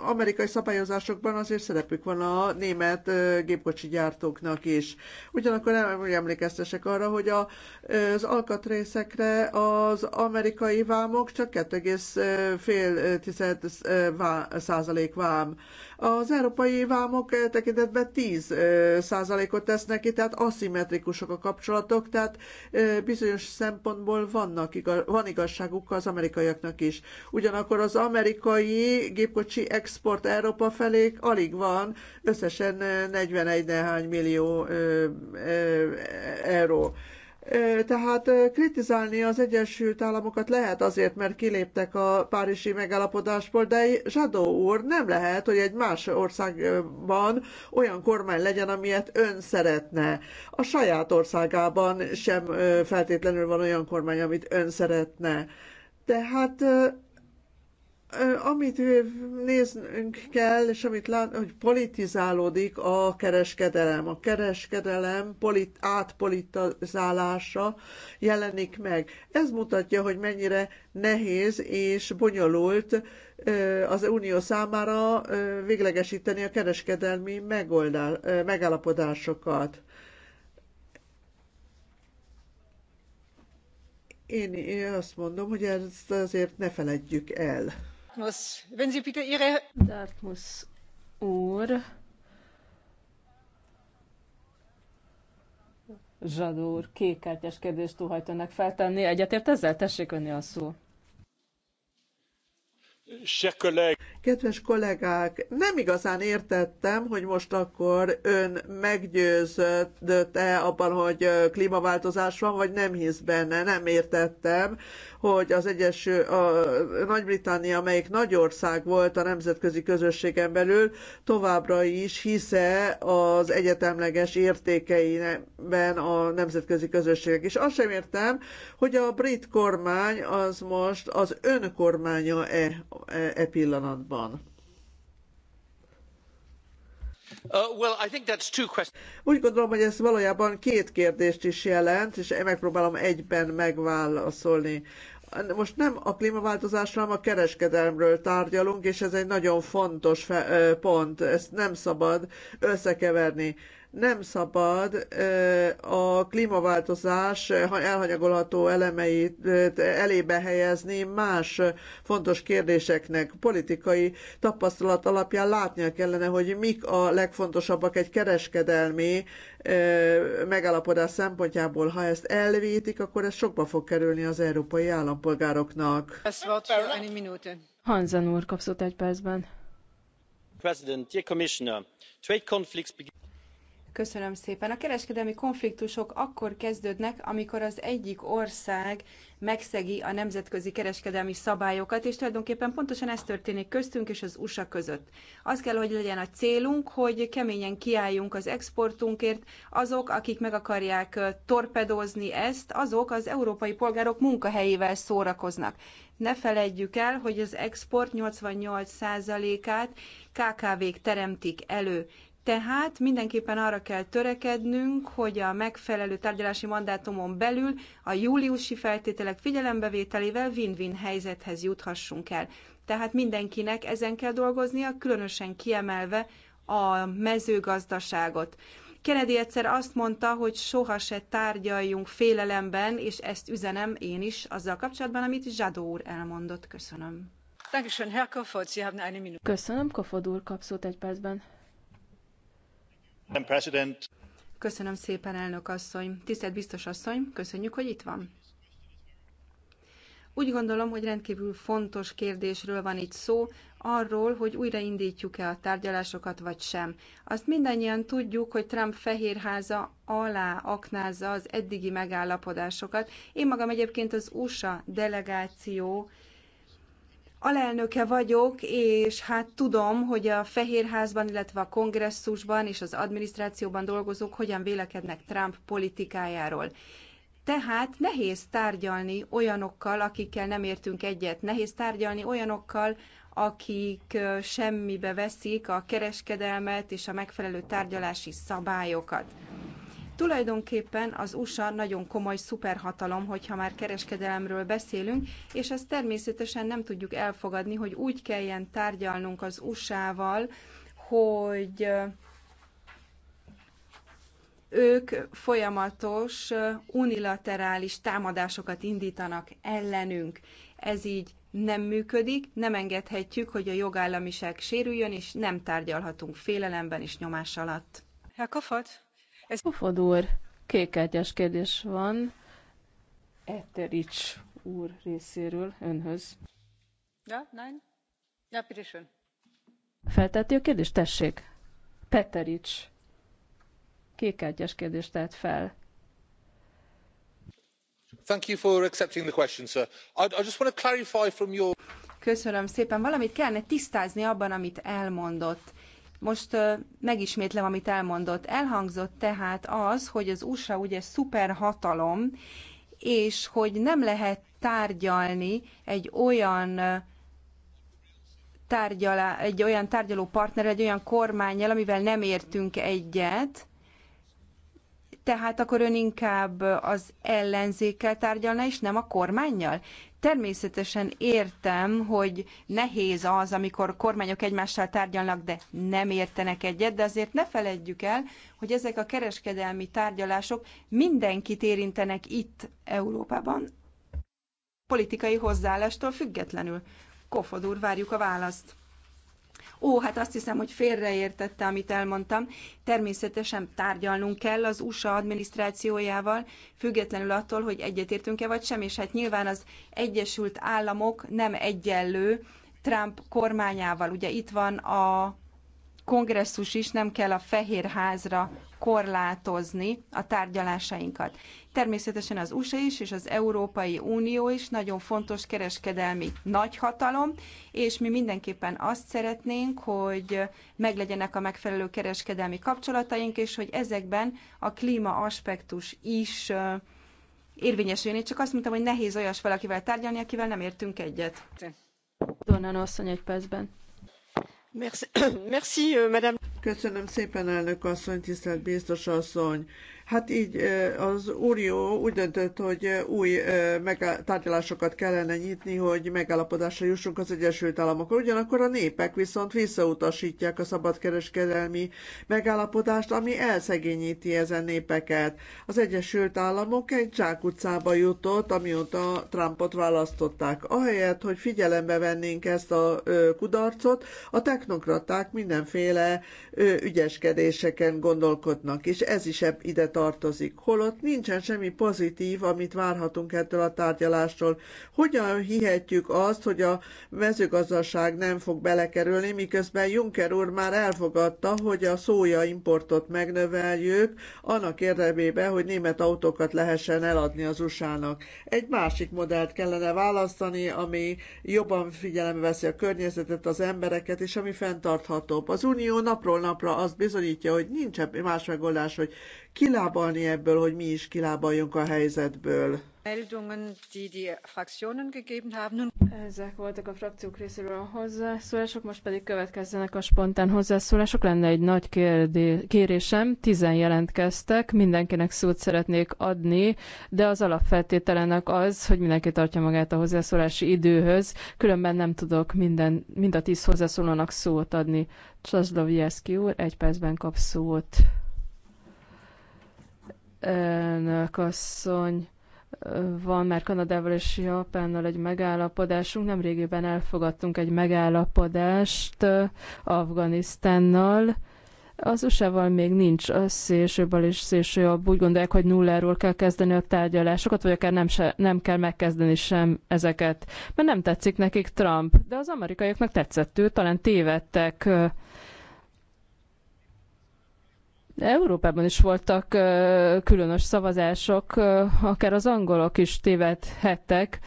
C: amerikai szabályozásokban azért szerepük van a német gépkocsi gyártóknak is. Ugyanakkor nem emlékeztesek arra, hogy az alkatrészekre az amerikai vámok csak 2,5 vám, százalék vám az európai vámok tekintetben 10 százalékot tesznek ki, tehát aszimmetrikusok a kapcsolatok, tehát bizonyos szempontból vannak, van igazságuk az amerikaiaknak is. Ugyanakkor az amerikai gépkocsi export Európa felé alig van, összesen 41 néhány millió euró. E, e, e, tehát kritizálni az Egyesült Államokat lehet azért, mert kiléptek a párizsi megállapodásból, de Zsadó úr nem lehet, hogy egy más országban olyan kormány legyen, amilyet ön szeretne. A saját országában sem feltétlenül van olyan kormány, amit ön szeretne. Tehát amit néznünk kell, és amit lát, hogy politizálódik a kereskedelem. A kereskedelem polit, átpolitizálása jelenik meg. Ez mutatja, hogy mennyire nehéz és bonyolult az Unió számára véglegesíteni a kereskedelmi megoldás, megállapodásokat. én azt mondom, hogy ezt azért ne feledjük el.
B: Wenn Sie bitte Ihre... úr. Zsadó úr, kékkártyás kérdést óhajtanak
C: feltenni. Egyetért ezzel? Tessék önni a szó. Kedves kollégák, nem igazán értettem, hogy most akkor ön meggyőződött-e abban, hogy klímaváltozás van, vagy nem hisz benne. Nem értettem, hogy az egyes, a Nagy-Britannia, amelyik nagy ország volt a nemzetközi közösségen belül, továbbra is hisze az egyetemleges értékeiben a nemzetközi közösségek. És azt sem értem, hogy a brit kormány az most az önkormánya-e E, e pillanatban? Uh, Úgy gondolom, hogy ez valójában két kérdést is jelent, és megpróbálom egyben megválaszolni. Most nem a klímaváltozásról, hanem a kereskedelmről tárgyalunk, és ez egy nagyon fontos pont, ezt nem szabad összekeverni nem szabad a klímaváltozás elhanyagolható elemeit elébe helyezni más fontos kérdéseknek. Politikai tapasztalat alapján látnia kellene, hogy mik a legfontosabbak egy kereskedelmi megállapodás szempontjából. Ha ezt elvétik, akkor ez sokba fog kerülni az európai állampolgároknak. Hansen úr kapszott egy percben.
A: President, dear Commissioner, trade conflicts Köszönöm szépen. A kereskedelmi konfliktusok akkor kezdődnek, amikor az egyik ország megszegi a nemzetközi kereskedelmi szabályokat, és tulajdonképpen pontosan ez történik köztünk és az USA között. Az kell, hogy legyen a célunk, hogy keményen kiálljunk az exportunkért. Azok, akik meg akarják torpedózni ezt, azok az európai polgárok munkahelyével szórakoznak. Ne feledjük el, hogy az export 88%-át KKV-k teremtik elő. Tehát mindenképpen arra kell törekednünk, hogy a megfelelő tárgyalási mandátumon belül a júliusi feltételek figyelembevételével win-win helyzethez juthassunk el. Tehát mindenkinek ezen kell dolgoznia, különösen kiemelve a mezőgazdaságot. Kennedy egyszer azt mondta, hogy soha se tárgyaljunk félelemben, és ezt üzenem én is azzal kapcsolatban, amit Zsadó úr elmondott. Köszönöm. Köszönöm, Kofod úr kapszót egy percben. Köszönöm szépen, elnök asszony. Tisztelt biztos asszony, köszönjük, hogy itt van. Úgy gondolom, hogy rendkívül fontos kérdésről van itt szó, arról, hogy újraindítjuk-e a tárgyalásokat vagy sem. Azt mindannyian tudjuk, hogy Trump fehérháza alá aknázza az eddigi megállapodásokat. Én magam egyébként az USA delegáció Alelnöke vagyok, és hát tudom, hogy a Fehérházban, illetve a kongresszusban és az adminisztrációban dolgozók hogyan vélekednek Trump politikájáról. Tehát nehéz tárgyalni olyanokkal, akikkel nem értünk egyet. Nehéz tárgyalni olyanokkal, akik semmibe veszik a kereskedelmet és a megfelelő tárgyalási szabályokat. Tulajdonképpen az USA nagyon komoly szuperhatalom, hogyha már kereskedelemről beszélünk, és ezt természetesen nem tudjuk elfogadni, hogy úgy kelljen tárgyalnunk az USA-val, hogy ők folyamatos unilaterális támadásokat indítanak ellenünk. Ez így nem működik, nem engedhetjük, hogy a jogállamiság sérüljön, és nem tárgyalhatunk félelemben és nyomás alatt. Herr Koffert. Ez Pofod
B: úr, kékkártyás kérdés van. Eterics úr részéről önhöz. Ja, nein? Ja, bitte schön. Felteti a kérdést? Tessék. Peterics.
A: Kékkártyás kérdést tett fel. Thank you for accepting the question, sir. I, I just want to clarify from your... Köszönöm szépen. Valamit kellene tisztázni abban, amit elmondott. Most megismétlem, amit elmondott. Elhangzott tehát az, hogy az USA ugye szuperhatalom, és hogy nem lehet tárgyalni egy olyan tárgyala, egy olyan tárgyaló partner, egy olyan kormányjal, amivel nem értünk egyet, tehát akkor ön inkább az ellenzékkel tárgyalna, és nem a kormányjal? Természetesen értem, hogy nehéz az, amikor kormányok egymással tárgyalnak, de nem értenek egyet, de azért ne feledjük el, hogy ezek a kereskedelmi tárgyalások mindenkit érintenek itt Európában, politikai hozzáállástól függetlenül. Kofod úr, várjuk a választ ó, hát azt hiszem, hogy félreértette, amit elmondtam. Természetesen tárgyalnunk kell az USA adminisztrációjával, függetlenül attól, hogy egyetértünk-e vagy sem, és hát nyilván az Egyesült Államok nem egyenlő Trump kormányával. Ugye itt van a kongresszus is nem kell a fehér házra korlátozni a tárgyalásainkat. Természetesen az USA is és az Európai Unió is nagyon fontos kereskedelmi nagyhatalom, és mi mindenképpen azt szeretnénk, hogy meglegyenek a megfelelő kereskedelmi kapcsolataink, és hogy ezekben a klíma aspektus is érvényesüljön. Én csak azt mondtam, hogy nehéz olyas valakivel tárgyalni, akivel nem értünk egyet. Donnan asszony egy
C: percben. Euh, Köszönöm szépen, elnök asszony, tisztelt biztos asszony! Hát így az Unió úgy döntött, hogy új tárgyalásokat kellene nyitni, hogy megállapodásra jussunk az Egyesült Államokon. Ugyanakkor a népek viszont visszautasítják a szabadkereskedelmi megállapodást, ami elszegényíti ezen népeket. Az Egyesült Államok egy zsákutcába jutott, amióta Trumpot választották. Ahelyett, hogy figyelembe vennénk ezt a kudarcot, a technokraták mindenféle ügyeskedéseken gondolkodnak, és ez is ide tartozik. Holott nincsen semmi pozitív, amit várhatunk ettől a tárgyalástól. Hogyan hihetjük azt, hogy a mezőgazdaság nem fog belekerülni, miközben Juncker úr már elfogadta, hogy a szója importot megnöveljük, annak érdekében, hogy német autókat lehessen eladni az USA-nak. Egy másik modellt kellene választani, ami jobban figyelembe veszi a környezetet, az embereket, és ami fenntarthatóbb. Az Unió napról napra azt bizonyítja, hogy nincs más megoldás, hogy kilábalni ebből, hogy mi is kilábaljunk a helyzetből.
B: Ezek voltak a frakciók részéről a hozzászólások, most pedig következzenek a spontán hozzászólások. Lenne egy nagy kérdé- kérésem, tizen jelentkeztek, mindenkinek szót szeretnék adni, de az alapfeltételenek az, hogy mindenki tartja magát a hozzászólási időhöz, különben nem tudok minden, mind a tíz hozzászólónak szót adni. Csazlovjeszki úr, egy percben kap szót elnök asszony, van már Kanadával és Japánnal egy megállapodásunk, nem régiben elfogadtunk egy megállapodást Afganisztánnal, az USA-val még nincs a szélső bal és szélső jobb. Úgy gondolják, hogy nulláról kell kezdeni a tárgyalásokat, vagy akár nem, se, nem kell megkezdeni sem ezeket. Mert nem tetszik nekik Trump, de az amerikaiaknak tetszett ő, talán tévedtek. Európában is voltak különös szavazások, akár az angolok is tévedhettek.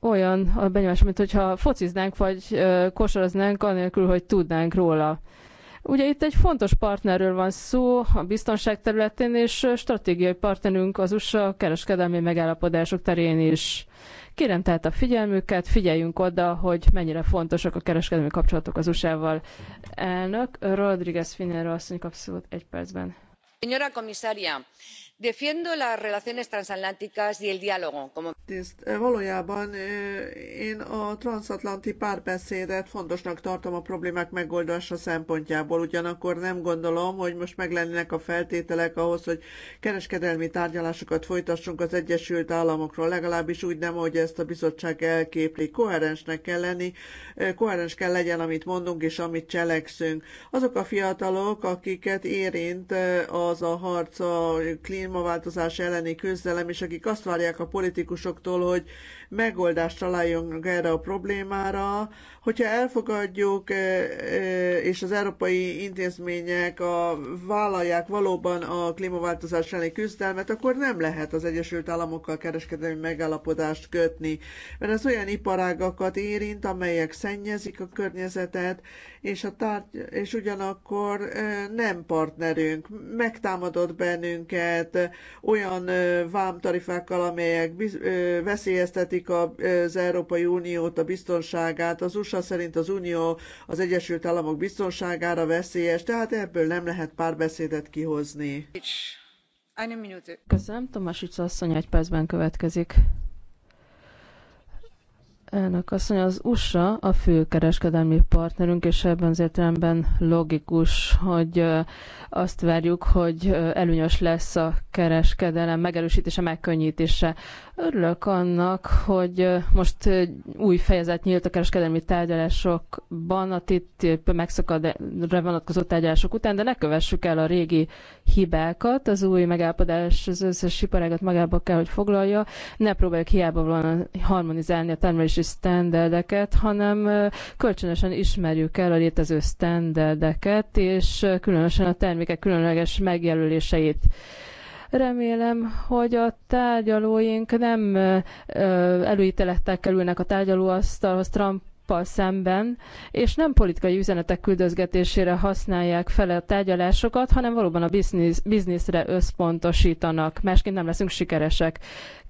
B: Olyan a benyomás, mint hogyha fociznánk vagy kosaraznánk, anélkül, hogy tudnánk róla. Ugye itt egy fontos partnerről van szó a biztonság területén, és stratégiai partnerünk az USA kereskedelmi megállapodások terén is. Kérem tehát a figyelmüket, figyeljünk oda, hogy mennyire fontosak a kereskedelmi kapcsolatok az USA-val. Elnök Rodriguez Finero azt
C: mondjuk szót egy percben.
A: Señora comisaria, Defiendo las relaciones transatlánticas
C: y el diálogo como... valójában én a transatlanti párbeszédet fontosnak tartom a problémák megoldása szempontjából, ugyanakkor nem gondolom, hogy most meg lennének a feltételek ahhoz, hogy kereskedelmi tárgyalásokat folytassunk az Egyesült Államokról, legalábbis úgy nem, ahogy ezt a bizottság elképli. Koherensnek kell lenni, koherens kell legyen, amit mondunk és amit cselekszünk. Azok a fiatalok, akiket érint az a harc a klín klímaváltozás elleni küzdelem, és akik azt várják a politikusoktól, hogy megoldást találjon erre a problémára. Hogyha elfogadjuk, eh, eh, és az európai intézmények a, vállalják valóban a klímaváltozás elleni küzdelmet, akkor nem lehet az Egyesült Államokkal kereskedelmi megállapodást kötni, mert ez olyan iparágakat érint, amelyek szennyezik a környezetet, és, a tárgy, és ugyanakkor eh, nem partnerünk, megtámadott bennünket olyan vámtarifákkal, amelyek veszélyeztetik veszélyeztetik az Európai Uniót, a biztonságát. Az USA szerint az Unió az Egyesült Államok biztonságára veszélyes, tehát ebből nem lehet párbeszédet kihozni.
B: Köszönöm, Tomasica asszony egy percben következik. Elnök asszony, az USA a fő kereskedelmi partnerünk, és ebben az értelemben logikus, hogy azt várjuk, hogy előnyös lesz a kereskedelem megerősítése, megkönnyítése. Örülök annak, hogy most új fejezet nyílt a kereskedelmi tárgyalásokban, a TTIP megszakadra vonatkozó tárgyalások után, de ne kövessük el a régi hibákat, az új megállapodás az összes iparágat magába kell, hogy foglalja, ne próbáljuk hiába valóan harmonizálni a termelési sztenderdeket, hanem kölcsönösen ismerjük el a létező sztenderdeket, és különösen a termékek különleges megjelöléseit. Remélem, hogy a tárgyalóink nem előítelettel kerülnek a tárgyalóasztalhoz Trump szemben, és nem politikai üzenetek küldözgetésére használják fel a tárgyalásokat, hanem valóban a biznisz, bizniszre összpontosítanak, másként nem leszünk sikeresek.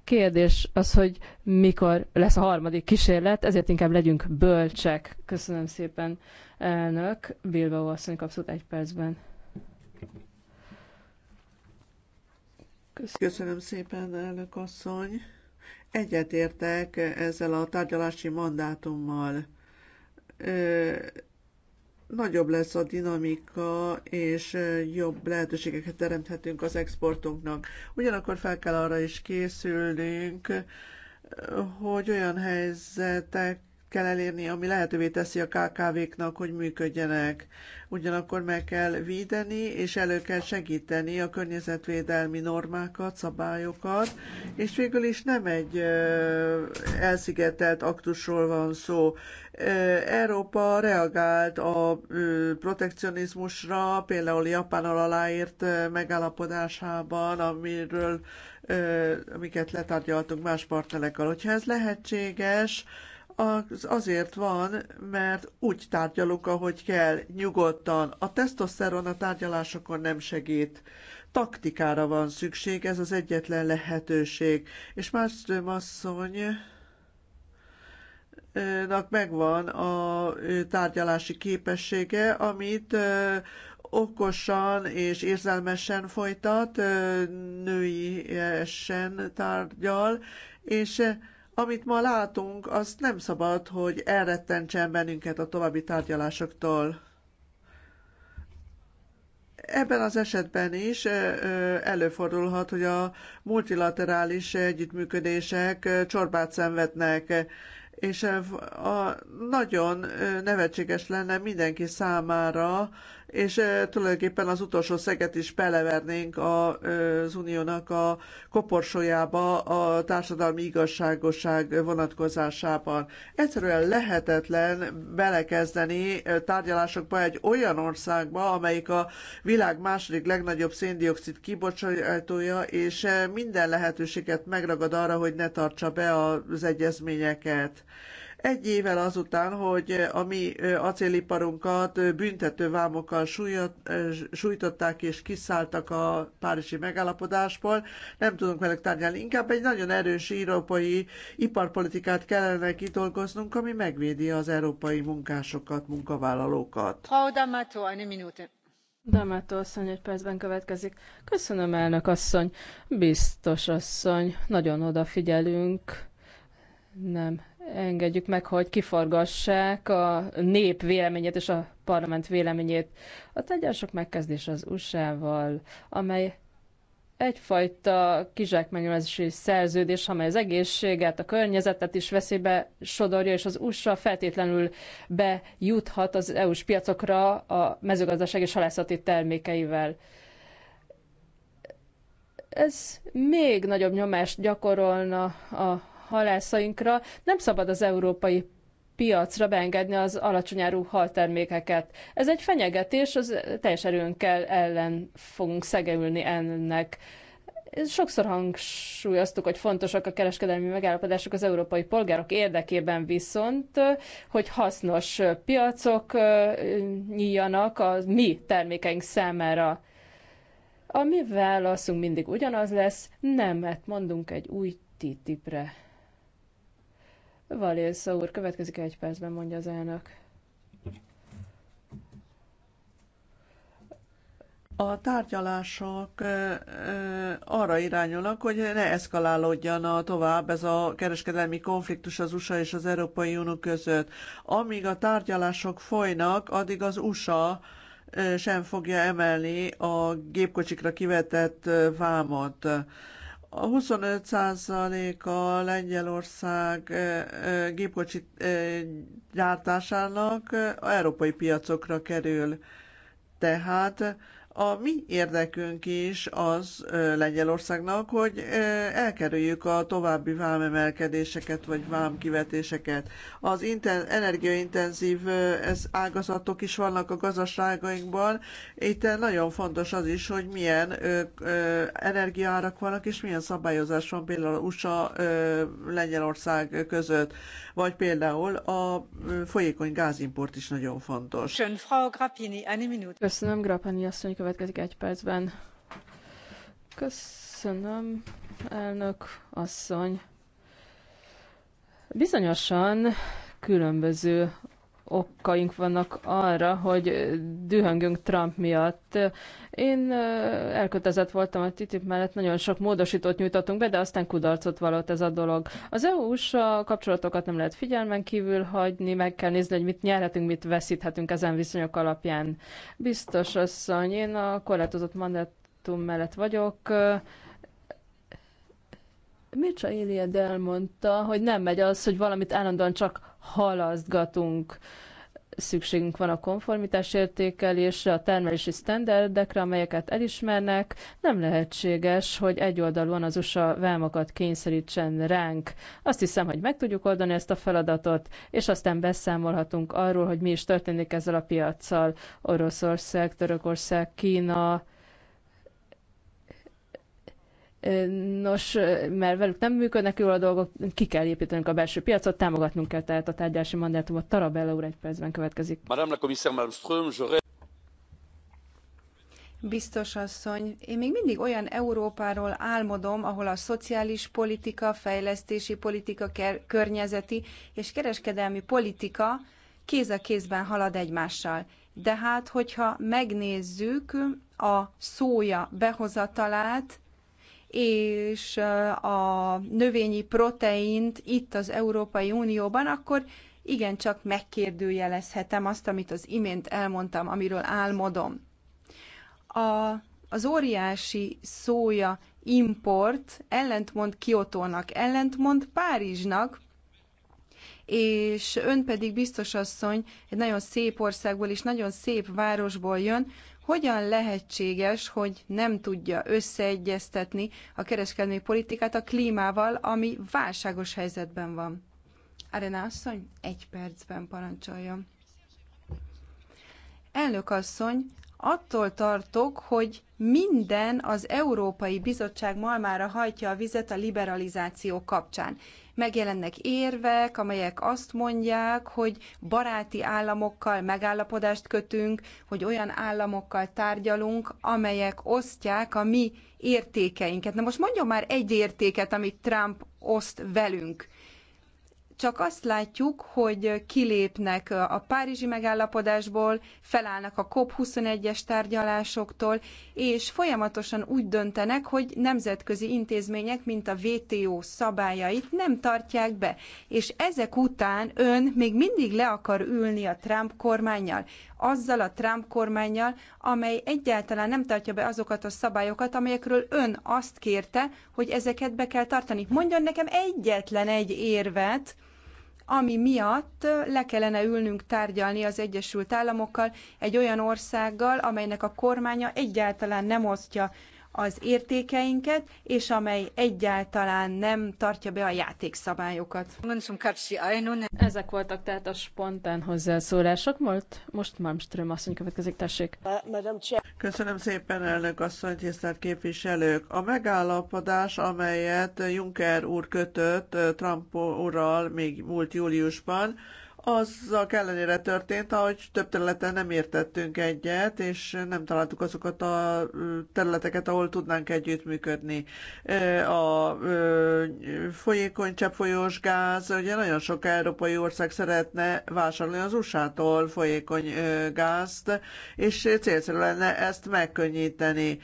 B: Kérdés az, hogy mikor lesz a harmadik kísérlet, ezért inkább legyünk bölcsek. Köszönöm szépen, elnök. Bilbao asszony kapszott egy percben.
C: Köszönöm. Köszönöm szépen, elnök asszony. Egyetértek ezzel a tárgyalási mandátummal nagyobb lesz a dinamika, és jobb lehetőségeket teremthetünk az exportunknak. Ugyanakkor fel kell arra is készülnünk, hogy olyan helyzetek kell elérni, ami lehetővé teszi a KKV-knak, hogy működjenek. Ugyanakkor meg kell védeni, és elő kell segíteni a környezetvédelmi normákat, szabályokat, és végül is nem egy elszigetelt aktusról van szó. Európa reagált a protekcionizmusra, például Japánnal aláírt megállapodásában, amiről amiket letárgyaltunk más partnerekkel. Hogyha ez lehetséges, az azért van, mert úgy tárgyalunk, ahogy kell, nyugodtan. A tesztoszteron a tárgyalásokon nem segít. Taktikára van szükség, ez az egyetlen lehetőség. És Márström asszony megvan a tárgyalási képessége, amit okosan és érzelmesen folytat, nőiesen tárgyal, és amit ma látunk, azt nem szabad, hogy elrettentsen bennünket a további tárgyalásoktól. Ebben az esetben is előfordulhat, hogy a multilaterális együttműködések csorbát szenvednek, és a, nagyon nevetséges lenne mindenki számára, és eh, tulajdonképpen az utolsó szeget is belevernénk eh, az uniónak a koporsójába a társadalmi igazságosság vonatkozásában. Egyszerűen lehetetlen belekezdeni eh, tárgyalásokba egy olyan országba, amelyik a világ második legnagyobb széndiokszid kibocsátója, és minden lehetőséget megragad arra, hogy ne tartsa be az egyezményeket. Egy évvel azután, hogy a mi acéliparunkat büntető vámokkal sújtották és kiszálltak a párizsi megállapodásból, nem tudunk velük tárgyalni. Inkább egy nagyon erős európai iparpolitikát kellene kidolgoznunk, ami megvédi az európai munkásokat, munkavállalókat.
A: Frau D'Amato,
B: asszony egy percben következik. Köszönöm, elnök asszony. Biztos asszony, nagyon odafigyelünk. Nem engedjük meg, hogy kifargassák a nép véleményét és a parlament véleményét. A tárgyalások megkezdés az USA-val, amely egyfajta kizsákmányolási szerződés, amely az egészséget, a környezetet is veszélybe sodorja, és az USA feltétlenül bejuthat az EU-s piacokra a mezőgazdaság és halászati termékeivel. Ez még nagyobb nyomást gyakorolna a halászainkra, nem szabad az európai piacra beengedni az alacsonyárú haltermékeket. Ez egy fenyegetés, az teljes erőnkkel ellen fogunk szegeülni ennek. Sokszor hangsúlyoztuk, hogy fontosak a kereskedelmi megállapodások az európai polgárok érdekében viszont, hogy hasznos piacok nyíljanak a mi termékeink számára. A mi válaszunk mindig ugyanaz lesz, nemet mondunk egy új TTIP-re. Valésza úr, következik egy percben, mondja az
C: elnök. A tárgyalások arra irányulnak, hogy ne eszkalálódjon tovább ez a kereskedelmi konfliktus az USA és az Európai Unió között. Amíg a tárgyalások folynak, addig az USA sem fogja emelni a gépkocsikra kivetett vámot a 25%-a Lengyelország gépkocsi gyártásának európai piacokra kerül. Tehát a mi érdekünk is az Lengyelországnak, hogy elkerüljük a további vámemelkedéseket vagy vámkivetéseket. Az inten, energiaintenzív ez ágazatok is vannak a gazdaságainkban. Itt nagyon fontos az is, hogy milyen energiaárak vannak és milyen szabályozás van például USA Lengyelország között, vagy például a folyékony gázimport is nagyon fontos. Köszönöm, Grappini asszony,
B: következik egy percben. Köszönöm, elnök asszony. Bizonyosan különböző okkaink vannak arra, hogy dühöngünk Trump miatt. Én elkötelezett voltam a TTIP mellett, nagyon sok módosítót nyújtottunk be, de aztán kudarcot vallott ez a dolog. Az EU-s kapcsolatokat nem lehet figyelmen kívül hagyni, meg kell nézni, hogy mit nyerhetünk, mit veszíthetünk ezen viszonyok alapján. Biztos asszony, én a korlátozott mandátum mellett vagyok. Mircea Eliade elmondta, hogy nem megy az, hogy valamit állandóan csak halaszgatunk. Szükségünk van a konformitás értékelésre, a termelési sztenderdekre, amelyeket elismernek. Nem lehetséges, hogy egy oldalon az USA vámokat kényszerítsen ránk. Azt hiszem, hogy meg tudjuk oldani ezt a feladatot, és aztán beszámolhatunk arról, hogy mi is történik ezzel a piaccal. Oroszország, Törökország, Kína, Nos, mert velük nem működnek jól a dolgok, ki kell építenünk a belső piacot, támogatnunk kell tehát a tárgyalási mandátumot. Tarabella
A: úr egy percben következik.
C: Madame la commissaire Malmström, je...
A: Biztos asszony, én még mindig olyan Európáról álmodom, ahol a szociális politika, fejlesztési politika, környezeti és kereskedelmi politika kéz a kézben halad egymással. De hát, hogyha megnézzük a szója behozatalát, és a növényi proteint itt az Európai Unióban, akkor igencsak megkérdőjelezhetem azt, amit az imént elmondtam, amiről álmodom. A, az óriási szója import ellentmond Kiotónak, ellentmond Párizsnak, és ön pedig biztos asszony egy nagyon szép országból és nagyon szép városból jön, hogyan lehetséges, hogy nem tudja összeegyeztetni a kereskedelmi politikát a klímával, ami válságos helyzetben van? Arena asszony, egy percben parancsoljon. Elnök asszony, attól tartok, hogy minden az Európai Bizottság malmára hajtja a vizet a liberalizáció kapcsán megjelennek érvek, amelyek azt mondják, hogy baráti államokkal megállapodást kötünk, hogy olyan államokkal tárgyalunk, amelyek osztják a mi értékeinket. Na most mondjon már egy értéket, amit Trump oszt velünk csak azt látjuk, hogy kilépnek a Párizsi megállapodásból, felállnak a COP21-es tárgyalásoktól, és folyamatosan úgy döntenek, hogy nemzetközi intézmények, mint a WTO szabályait nem tartják be. És ezek után ön még mindig le akar ülni a Trump kormányjal azzal a Trump kormányjal, amely egyáltalán nem tartja be azokat a szabályokat, amelyekről ön azt kérte, hogy ezeket be kell tartani. Mondjon nekem egyetlen egy érvet, ami miatt le kellene ülnünk tárgyalni az Egyesült Államokkal, egy olyan országgal, amelynek a kormánya egyáltalán nem osztja az értékeinket, és amely egyáltalán nem tartja be a játékszabályokat. Ezek voltak tehát a spontán
B: hozzászólások. Volt most Malmström asszony következik, tessék.
C: Köszönöm szépen, elnök asszony, tisztelt képviselők. A megállapodás, amelyet Juncker úr kötött Trump úrral még múlt júliusban, a ellenére történt, ahogy több területen nem értettünk egyet, és nem találtuk azokat a területeket, ahol tudnánk együttműködni. A folyékony cseppfolyós gáz, ugye nagyon sok európai ország szeretne vásárolni az USA-tól folyékony gázt, és célszerű lenne ezt megkönnyíteni.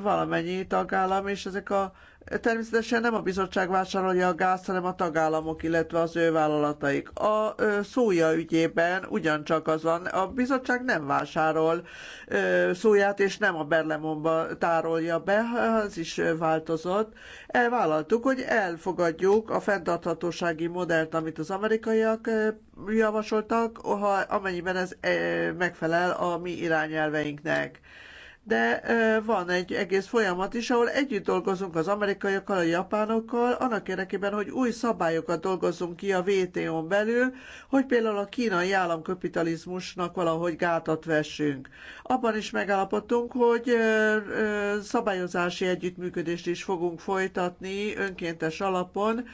C: Valamennyi tagállam, és ezek a Természetesen nem a bizottság vásárolja a gázt, hanem a tagállamok, illetve az ő vállalataik. A szója ügyében ugyancsak az van, a bizottság nem vásárol szóját, és nem a Berlemonba tárolja be, az is változott. Elvállaltuk, hogy elfogadjuk a fenntarthatósági modellt, amit az amerikaiak javasoltak, ha amennyiben ez megfelel a mi irányelveinknek de van egy egész folyamat is, ahol együtt dolgozunk az amerikaiakkal, a japánokkal, annak érdekében, hogy új szabályokat dolgozzunk ki a WTO-n belül, hogy például a kínai államkapitalizmusnak valahogy gátat vessünk. Abban is megállapodtunk, hogy szabályozási együttműködést is fogunk folytatni önkéntes alapon,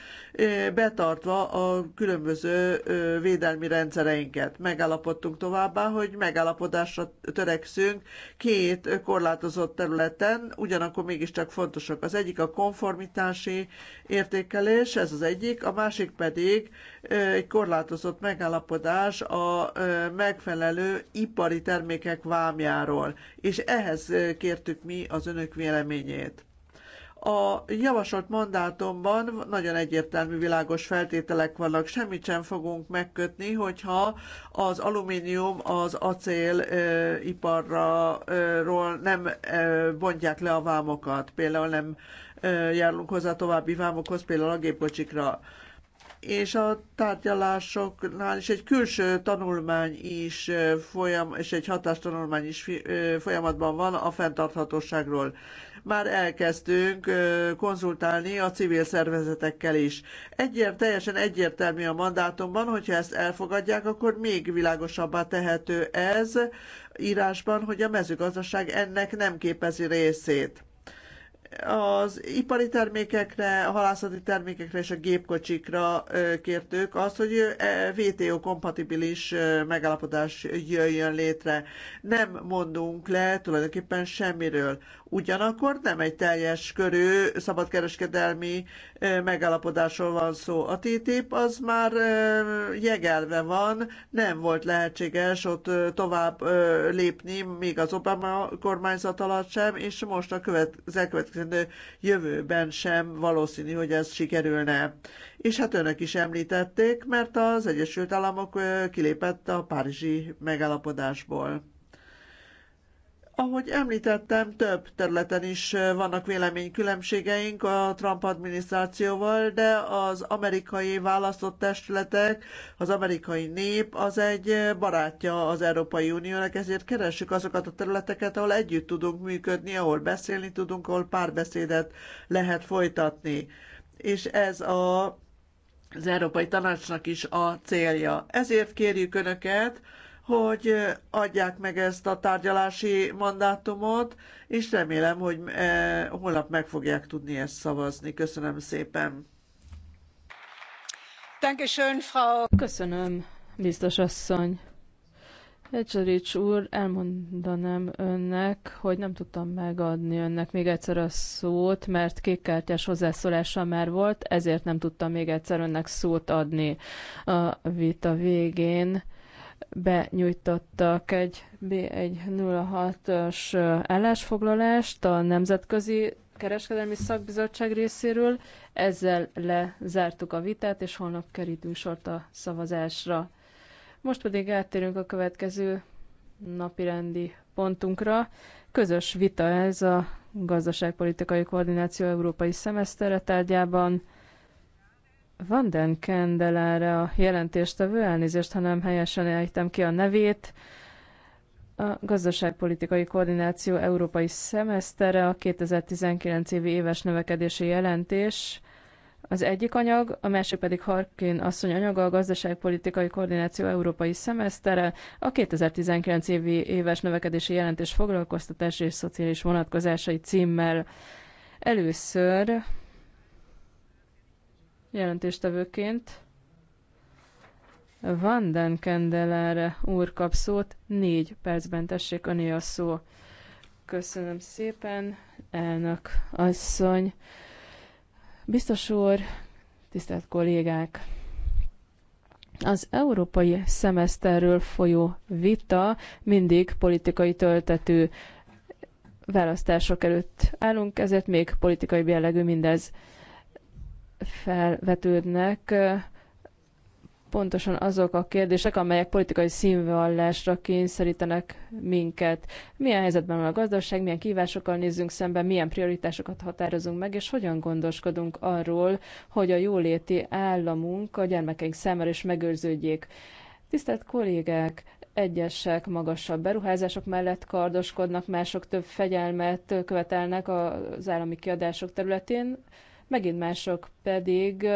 C: betartva a különböző védelmi rendszereinket. Megállapodtunk továbbá, hogy megállapodásra törekszünk két korlátozott területen, ugyanakkor mégiscsak fontosak. Az egyik a konformitási értékelés, ez az egyik, a másik pedig egy korlátozott megállapodás a megfelelő ipari termékek vámjáról, és ehhez kértük mi az önök véleményét. A javasolt mandátumban nagyon egyértelmű világos feltételek vannak, semmit sem fogunk megkötni, hogyha az alumínium az acéliparról nem bontják le a vámokat, például nem járunk hozzá további vámokhoz, például a gépkocsikra és a tárgyalásoknál is egy külső tanulmány is folyam, és egy hatástanulmány is folyamatban van a fenntarthatóságról már elkezdtünk konzultálni a civil szervezetekkel is. Egyért, teljesen egyértelmű a mandátumban, hogyha ezt elfogadják, akkor még világosabbá tehető ez írásban, hogy a mezőgazdaság ennek nem képezi részét az ipari termékekre, a halászati termékekre és a gépkocsikra kértők azt, hogy VTO kompatibilis megállapodás jöjjön létre. Nem mondunk le tulajdonképpen semmiről. Ugyanakkor nem egy teljes körű szabadkereskedelmi megállapodásról van szó. A TTIP az már jegelve van, nem volt lehetséges ott tovább lépni, még az Obama kormányzat alatt sem, és most a követ, az elkövetkező jövőben sem valószínű, hogy ez sikerülne. És hát önök is említették, mert az Egyesült Államok kilépett a Párizsi megállapodásból. Ahogy említettem, több területen is vannak véleménykülönbségeink a Trump adminisztrációval, de az amerikai választott testületek, az amerikai nép az egy barátja az Európai Uniónak, ezért keressük azokat a területeket, ahol együtt tudunk működni, ahol beszélni tudunk, ahol párbeszédet lehet folytatni. És ez a, az Európai Tanácsnak is a célja. Ezért kérjük Önöket, hogy adják meg ezt a tárgyalási mandátumot, és remélem, hogy holnap meg fogják tudni ezt szavazni. Köszönöm szépen.
B: Köszönöm, biztos asszony. Ecserics úr, elmondanám önnek, hogy nem tudtam megadni önnek még egyszer a szót, mert kékkártyás hozzászólása már volt, ezért nem tudtam még egyszer önnek szót adni a vita végén benyújtottak egy B106-os állásfoglalást a Nemzetközi Kereskedelmi Szakbizottság részéről. Ezzel lezártuk a vitát, és holnap kerítünk sort a szavazásra. Most pedig áttérünk a következő napirendi pontunkra. Közös vita ez a gazdaságpolitikai koordináció európai szemesztere tárgyában. Van den Kendelára a jelentéstevő, elnézést, ha nem helyesen ejtem ki a nevét. A gazdaságpolitikai koordináció európai szemesztere, a 2019 évi éves növekedési jelentés. Az egyik anyag, a másik pedig Harkin asszony anyaga, a gazdaságpolitikai koordináció európai szemesztere, a 2019 évi éves növekedési jelentés foglalkoztatási és szociális vonatkozásai címmel. Először jelentéstevőként. Van den Kendelere úr kap szót, négy percben tessék öné a szó. Köszönöm szépen, elnök asszony. Biztos úr, tisztelt kollégák! Az európai szemeszterről folyó vita mindig politikai töltetű választások előtt állunk, ezért még politikai jellegű mindez felvetődnek pontosan azok a kérdések, amelyek politikai színvallásra kényszerítenek minket. Milyen helyzetben van a gazdaság, milyen kívásokkal nézzünk szembe, milyen prioritásokat határozunk meg, és hogyan gondoskodunk arról, hogy a jóléti államunk a gyermekeink számára is megőrződjék. Tisztelt kollégák, egyesek magasabb beruházások mellett kardoskodnak, mások több fegyelmet követelnek az állami kiadások területén megint mások pedig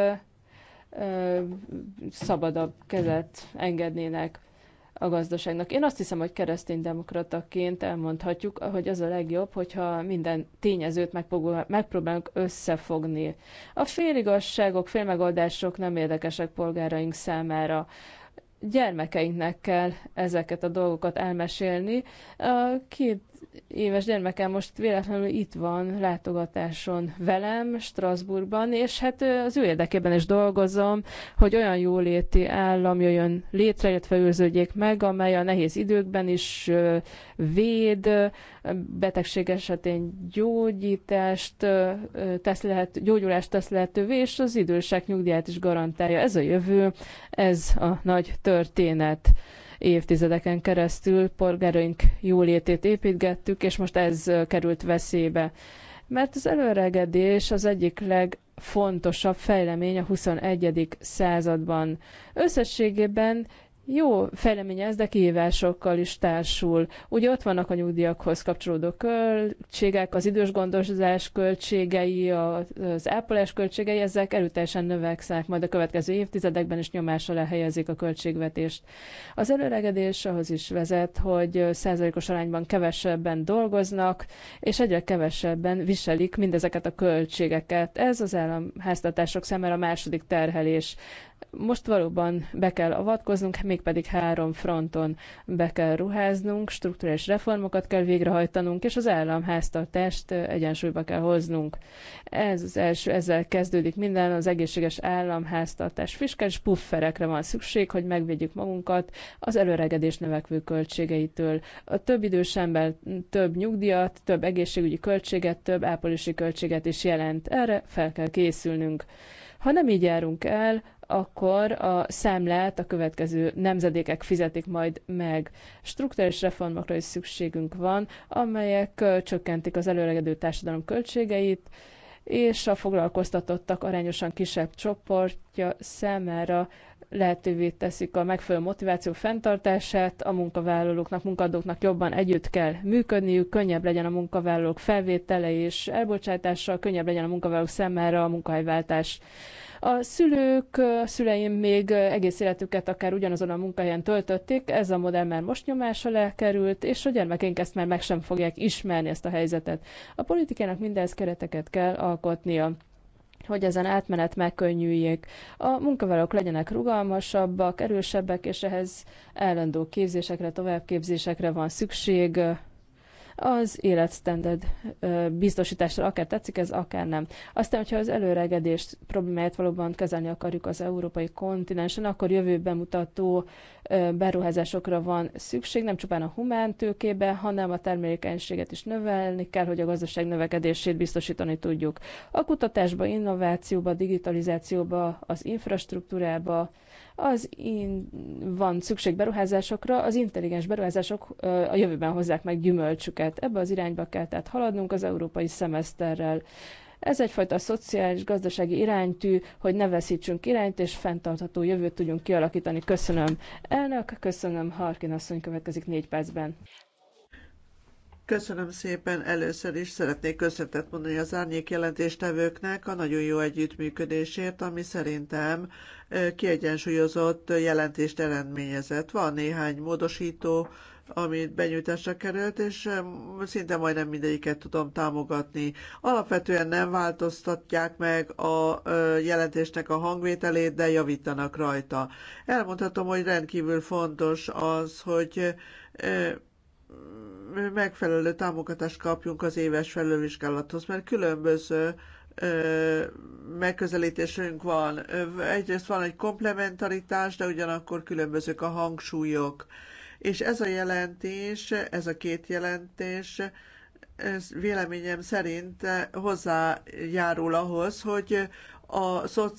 B: szabadabb kezet engednének a gazdaságnak. Én azt hiszem, hogy kereszténydemokrataként elmondhatjuk, hogy az a legjobb, hogyha minden tényezőt megpróbálunk összefogni. A féligasságok, félmegoldások nem érdekesek polgáraink számára. Gyermekeinknek kell ezeket a dolgokat elmesélni. A két éves gyermekem most véletlenül itt van látogatáson velem Strasbourgban, és hát az ő érdekében is dolgozom, hogy olyan jóléti állam jöjjön létre, illetve őrződjék meg, amely a nehéz időkben is véd, betegség esetén gyógyítást tesz lehet, gyógyulást tesz lehetővé, és az idősek nyugdíját is garantálja. Ez a jövő, ez a nagy történet évtizedeken keresztül polgáraink jólétét építgettük, és most ez került veszélybe. Mert az előregedés az egyik legfontosabb fejlemény a 21. században. Összességében jó fejlemény ez, de kihívásokkal is társul. Ugye ott vannak a nyugdíjakhoz kapcsolódó költségek, az idős gondozás költségei, az ápolás költségei, ezek erőteljesen növekszenek, majd a következő évtizedekben is nyomás alá helyezik a költségvetést. Az előregedés ahhoz is vezet, hogy százalékos arányban kevesebben dolgoznak, és egyre kevesebben viselik mindezeket a költségeket. Ez az államháztatások számára a második terhelés. Most valóban be kell avatkoznunk, mégpedig három fronton be kell ruháznunk, strukturális reformokat kell végrehajtanunk, és az államháztartást eh, egyensúlyba kell hoznunk. Ez az első, ezzel kezdődik minden, az egészséges államháztartás fiskális pufferekre van szükség, hogy megvédjük magunkat az előregedés növekvő költségeitől. A több idős ember több nyugdíjat, több egészségügyi költséget, több ápolisi költséget is jelent. Erre fel kell készülnünk. Ha nem így járunk el, akkor a számlát a következő nemzedékek fizetik majd meg. Strukturális reformokra is szükségünk van, amelyek csökkentik az előregedő társadalom költségeit, és a foglalkoztatottak arányosan kisebb csoportja számára lehetővé teszik a megfelelő motiváció fenntartását, a munkavállalóknak, munkadóknak jobban együtt kell működniük, könnyebb legyen a munkavállalók felvétele és elbocsátása, könnyebb legyen a munkavállalók számára a munkahelyváltás. A szülők, a szüleim még egész életüket akár ugyanazon a munkahelyen töltötték, ez a modell már most nyomás alá került, és a gyermekeink ezt már meg sem fogják ismerni ezt a helyzetet. A politikának mindez kereteket kell alkotnia hogy ezen átmenet megkönnyüljék. A munkavállalók legyenek rugalmasabbak, erősebbek, és ehhez állandó képzésekre, továbbképzésekre van szükség az életstandard biztosításra, akár tetszik ez, akár nem. Aztán, hogyha az előregedés problémáját valóban kezelni akarjuk az európai kontinensen, akkor jövőben mutató beruházásokra van szükség, nem csupán a humán tőkébe, hanem a termelékenységet is növelni kell, hogy a gazdaság növekedését biztosítani tudjuk. A kutatásba, innovációba, digitalizációba, az infrastruktúrába, az in, van szükség beruházásokra, az intelligens beruházások a jövőben hozzák meg gyümölcsüket. Ebbe az irányba kell tehát haladnunk az európai szemeszterrel. Ez egyfajta szociális, gazdasági iránytű, hogy ne veszítsünk irányt, és fenntartható jövőt tudjunk kialakítani. Köszönöm elnök, köszönöm Harkin asszony, következik négy percben.
C: Köszönöm szépen. Először is szeretnék köszönetet mondani az árnyék jelentéstevőknek a nagyon jó együttműködésért, ami szerintem kiegyensúlyozott jelentést eredményezett. Van néhány módosító, amit benyújtásra került, és szinte majdnem mindegyiket tudom támogatni. Alapvetően nem változtatják meg a jelentésnek a hangvételét, de javítanak rajta. Elmondhatom, hogy rendkívül fontos az, hogy megfelelő támogatást kapjunk az éves felülvizsgálathoz, mert különböző megközelítésünk van. Egyrészt van egy komplementaritás, de ugyanakkor különbözők a hangsúlyok. És ez a jelentés, ez a két jelentés ez véleményem szerint hozzájárul ahhoz, hogy a szociális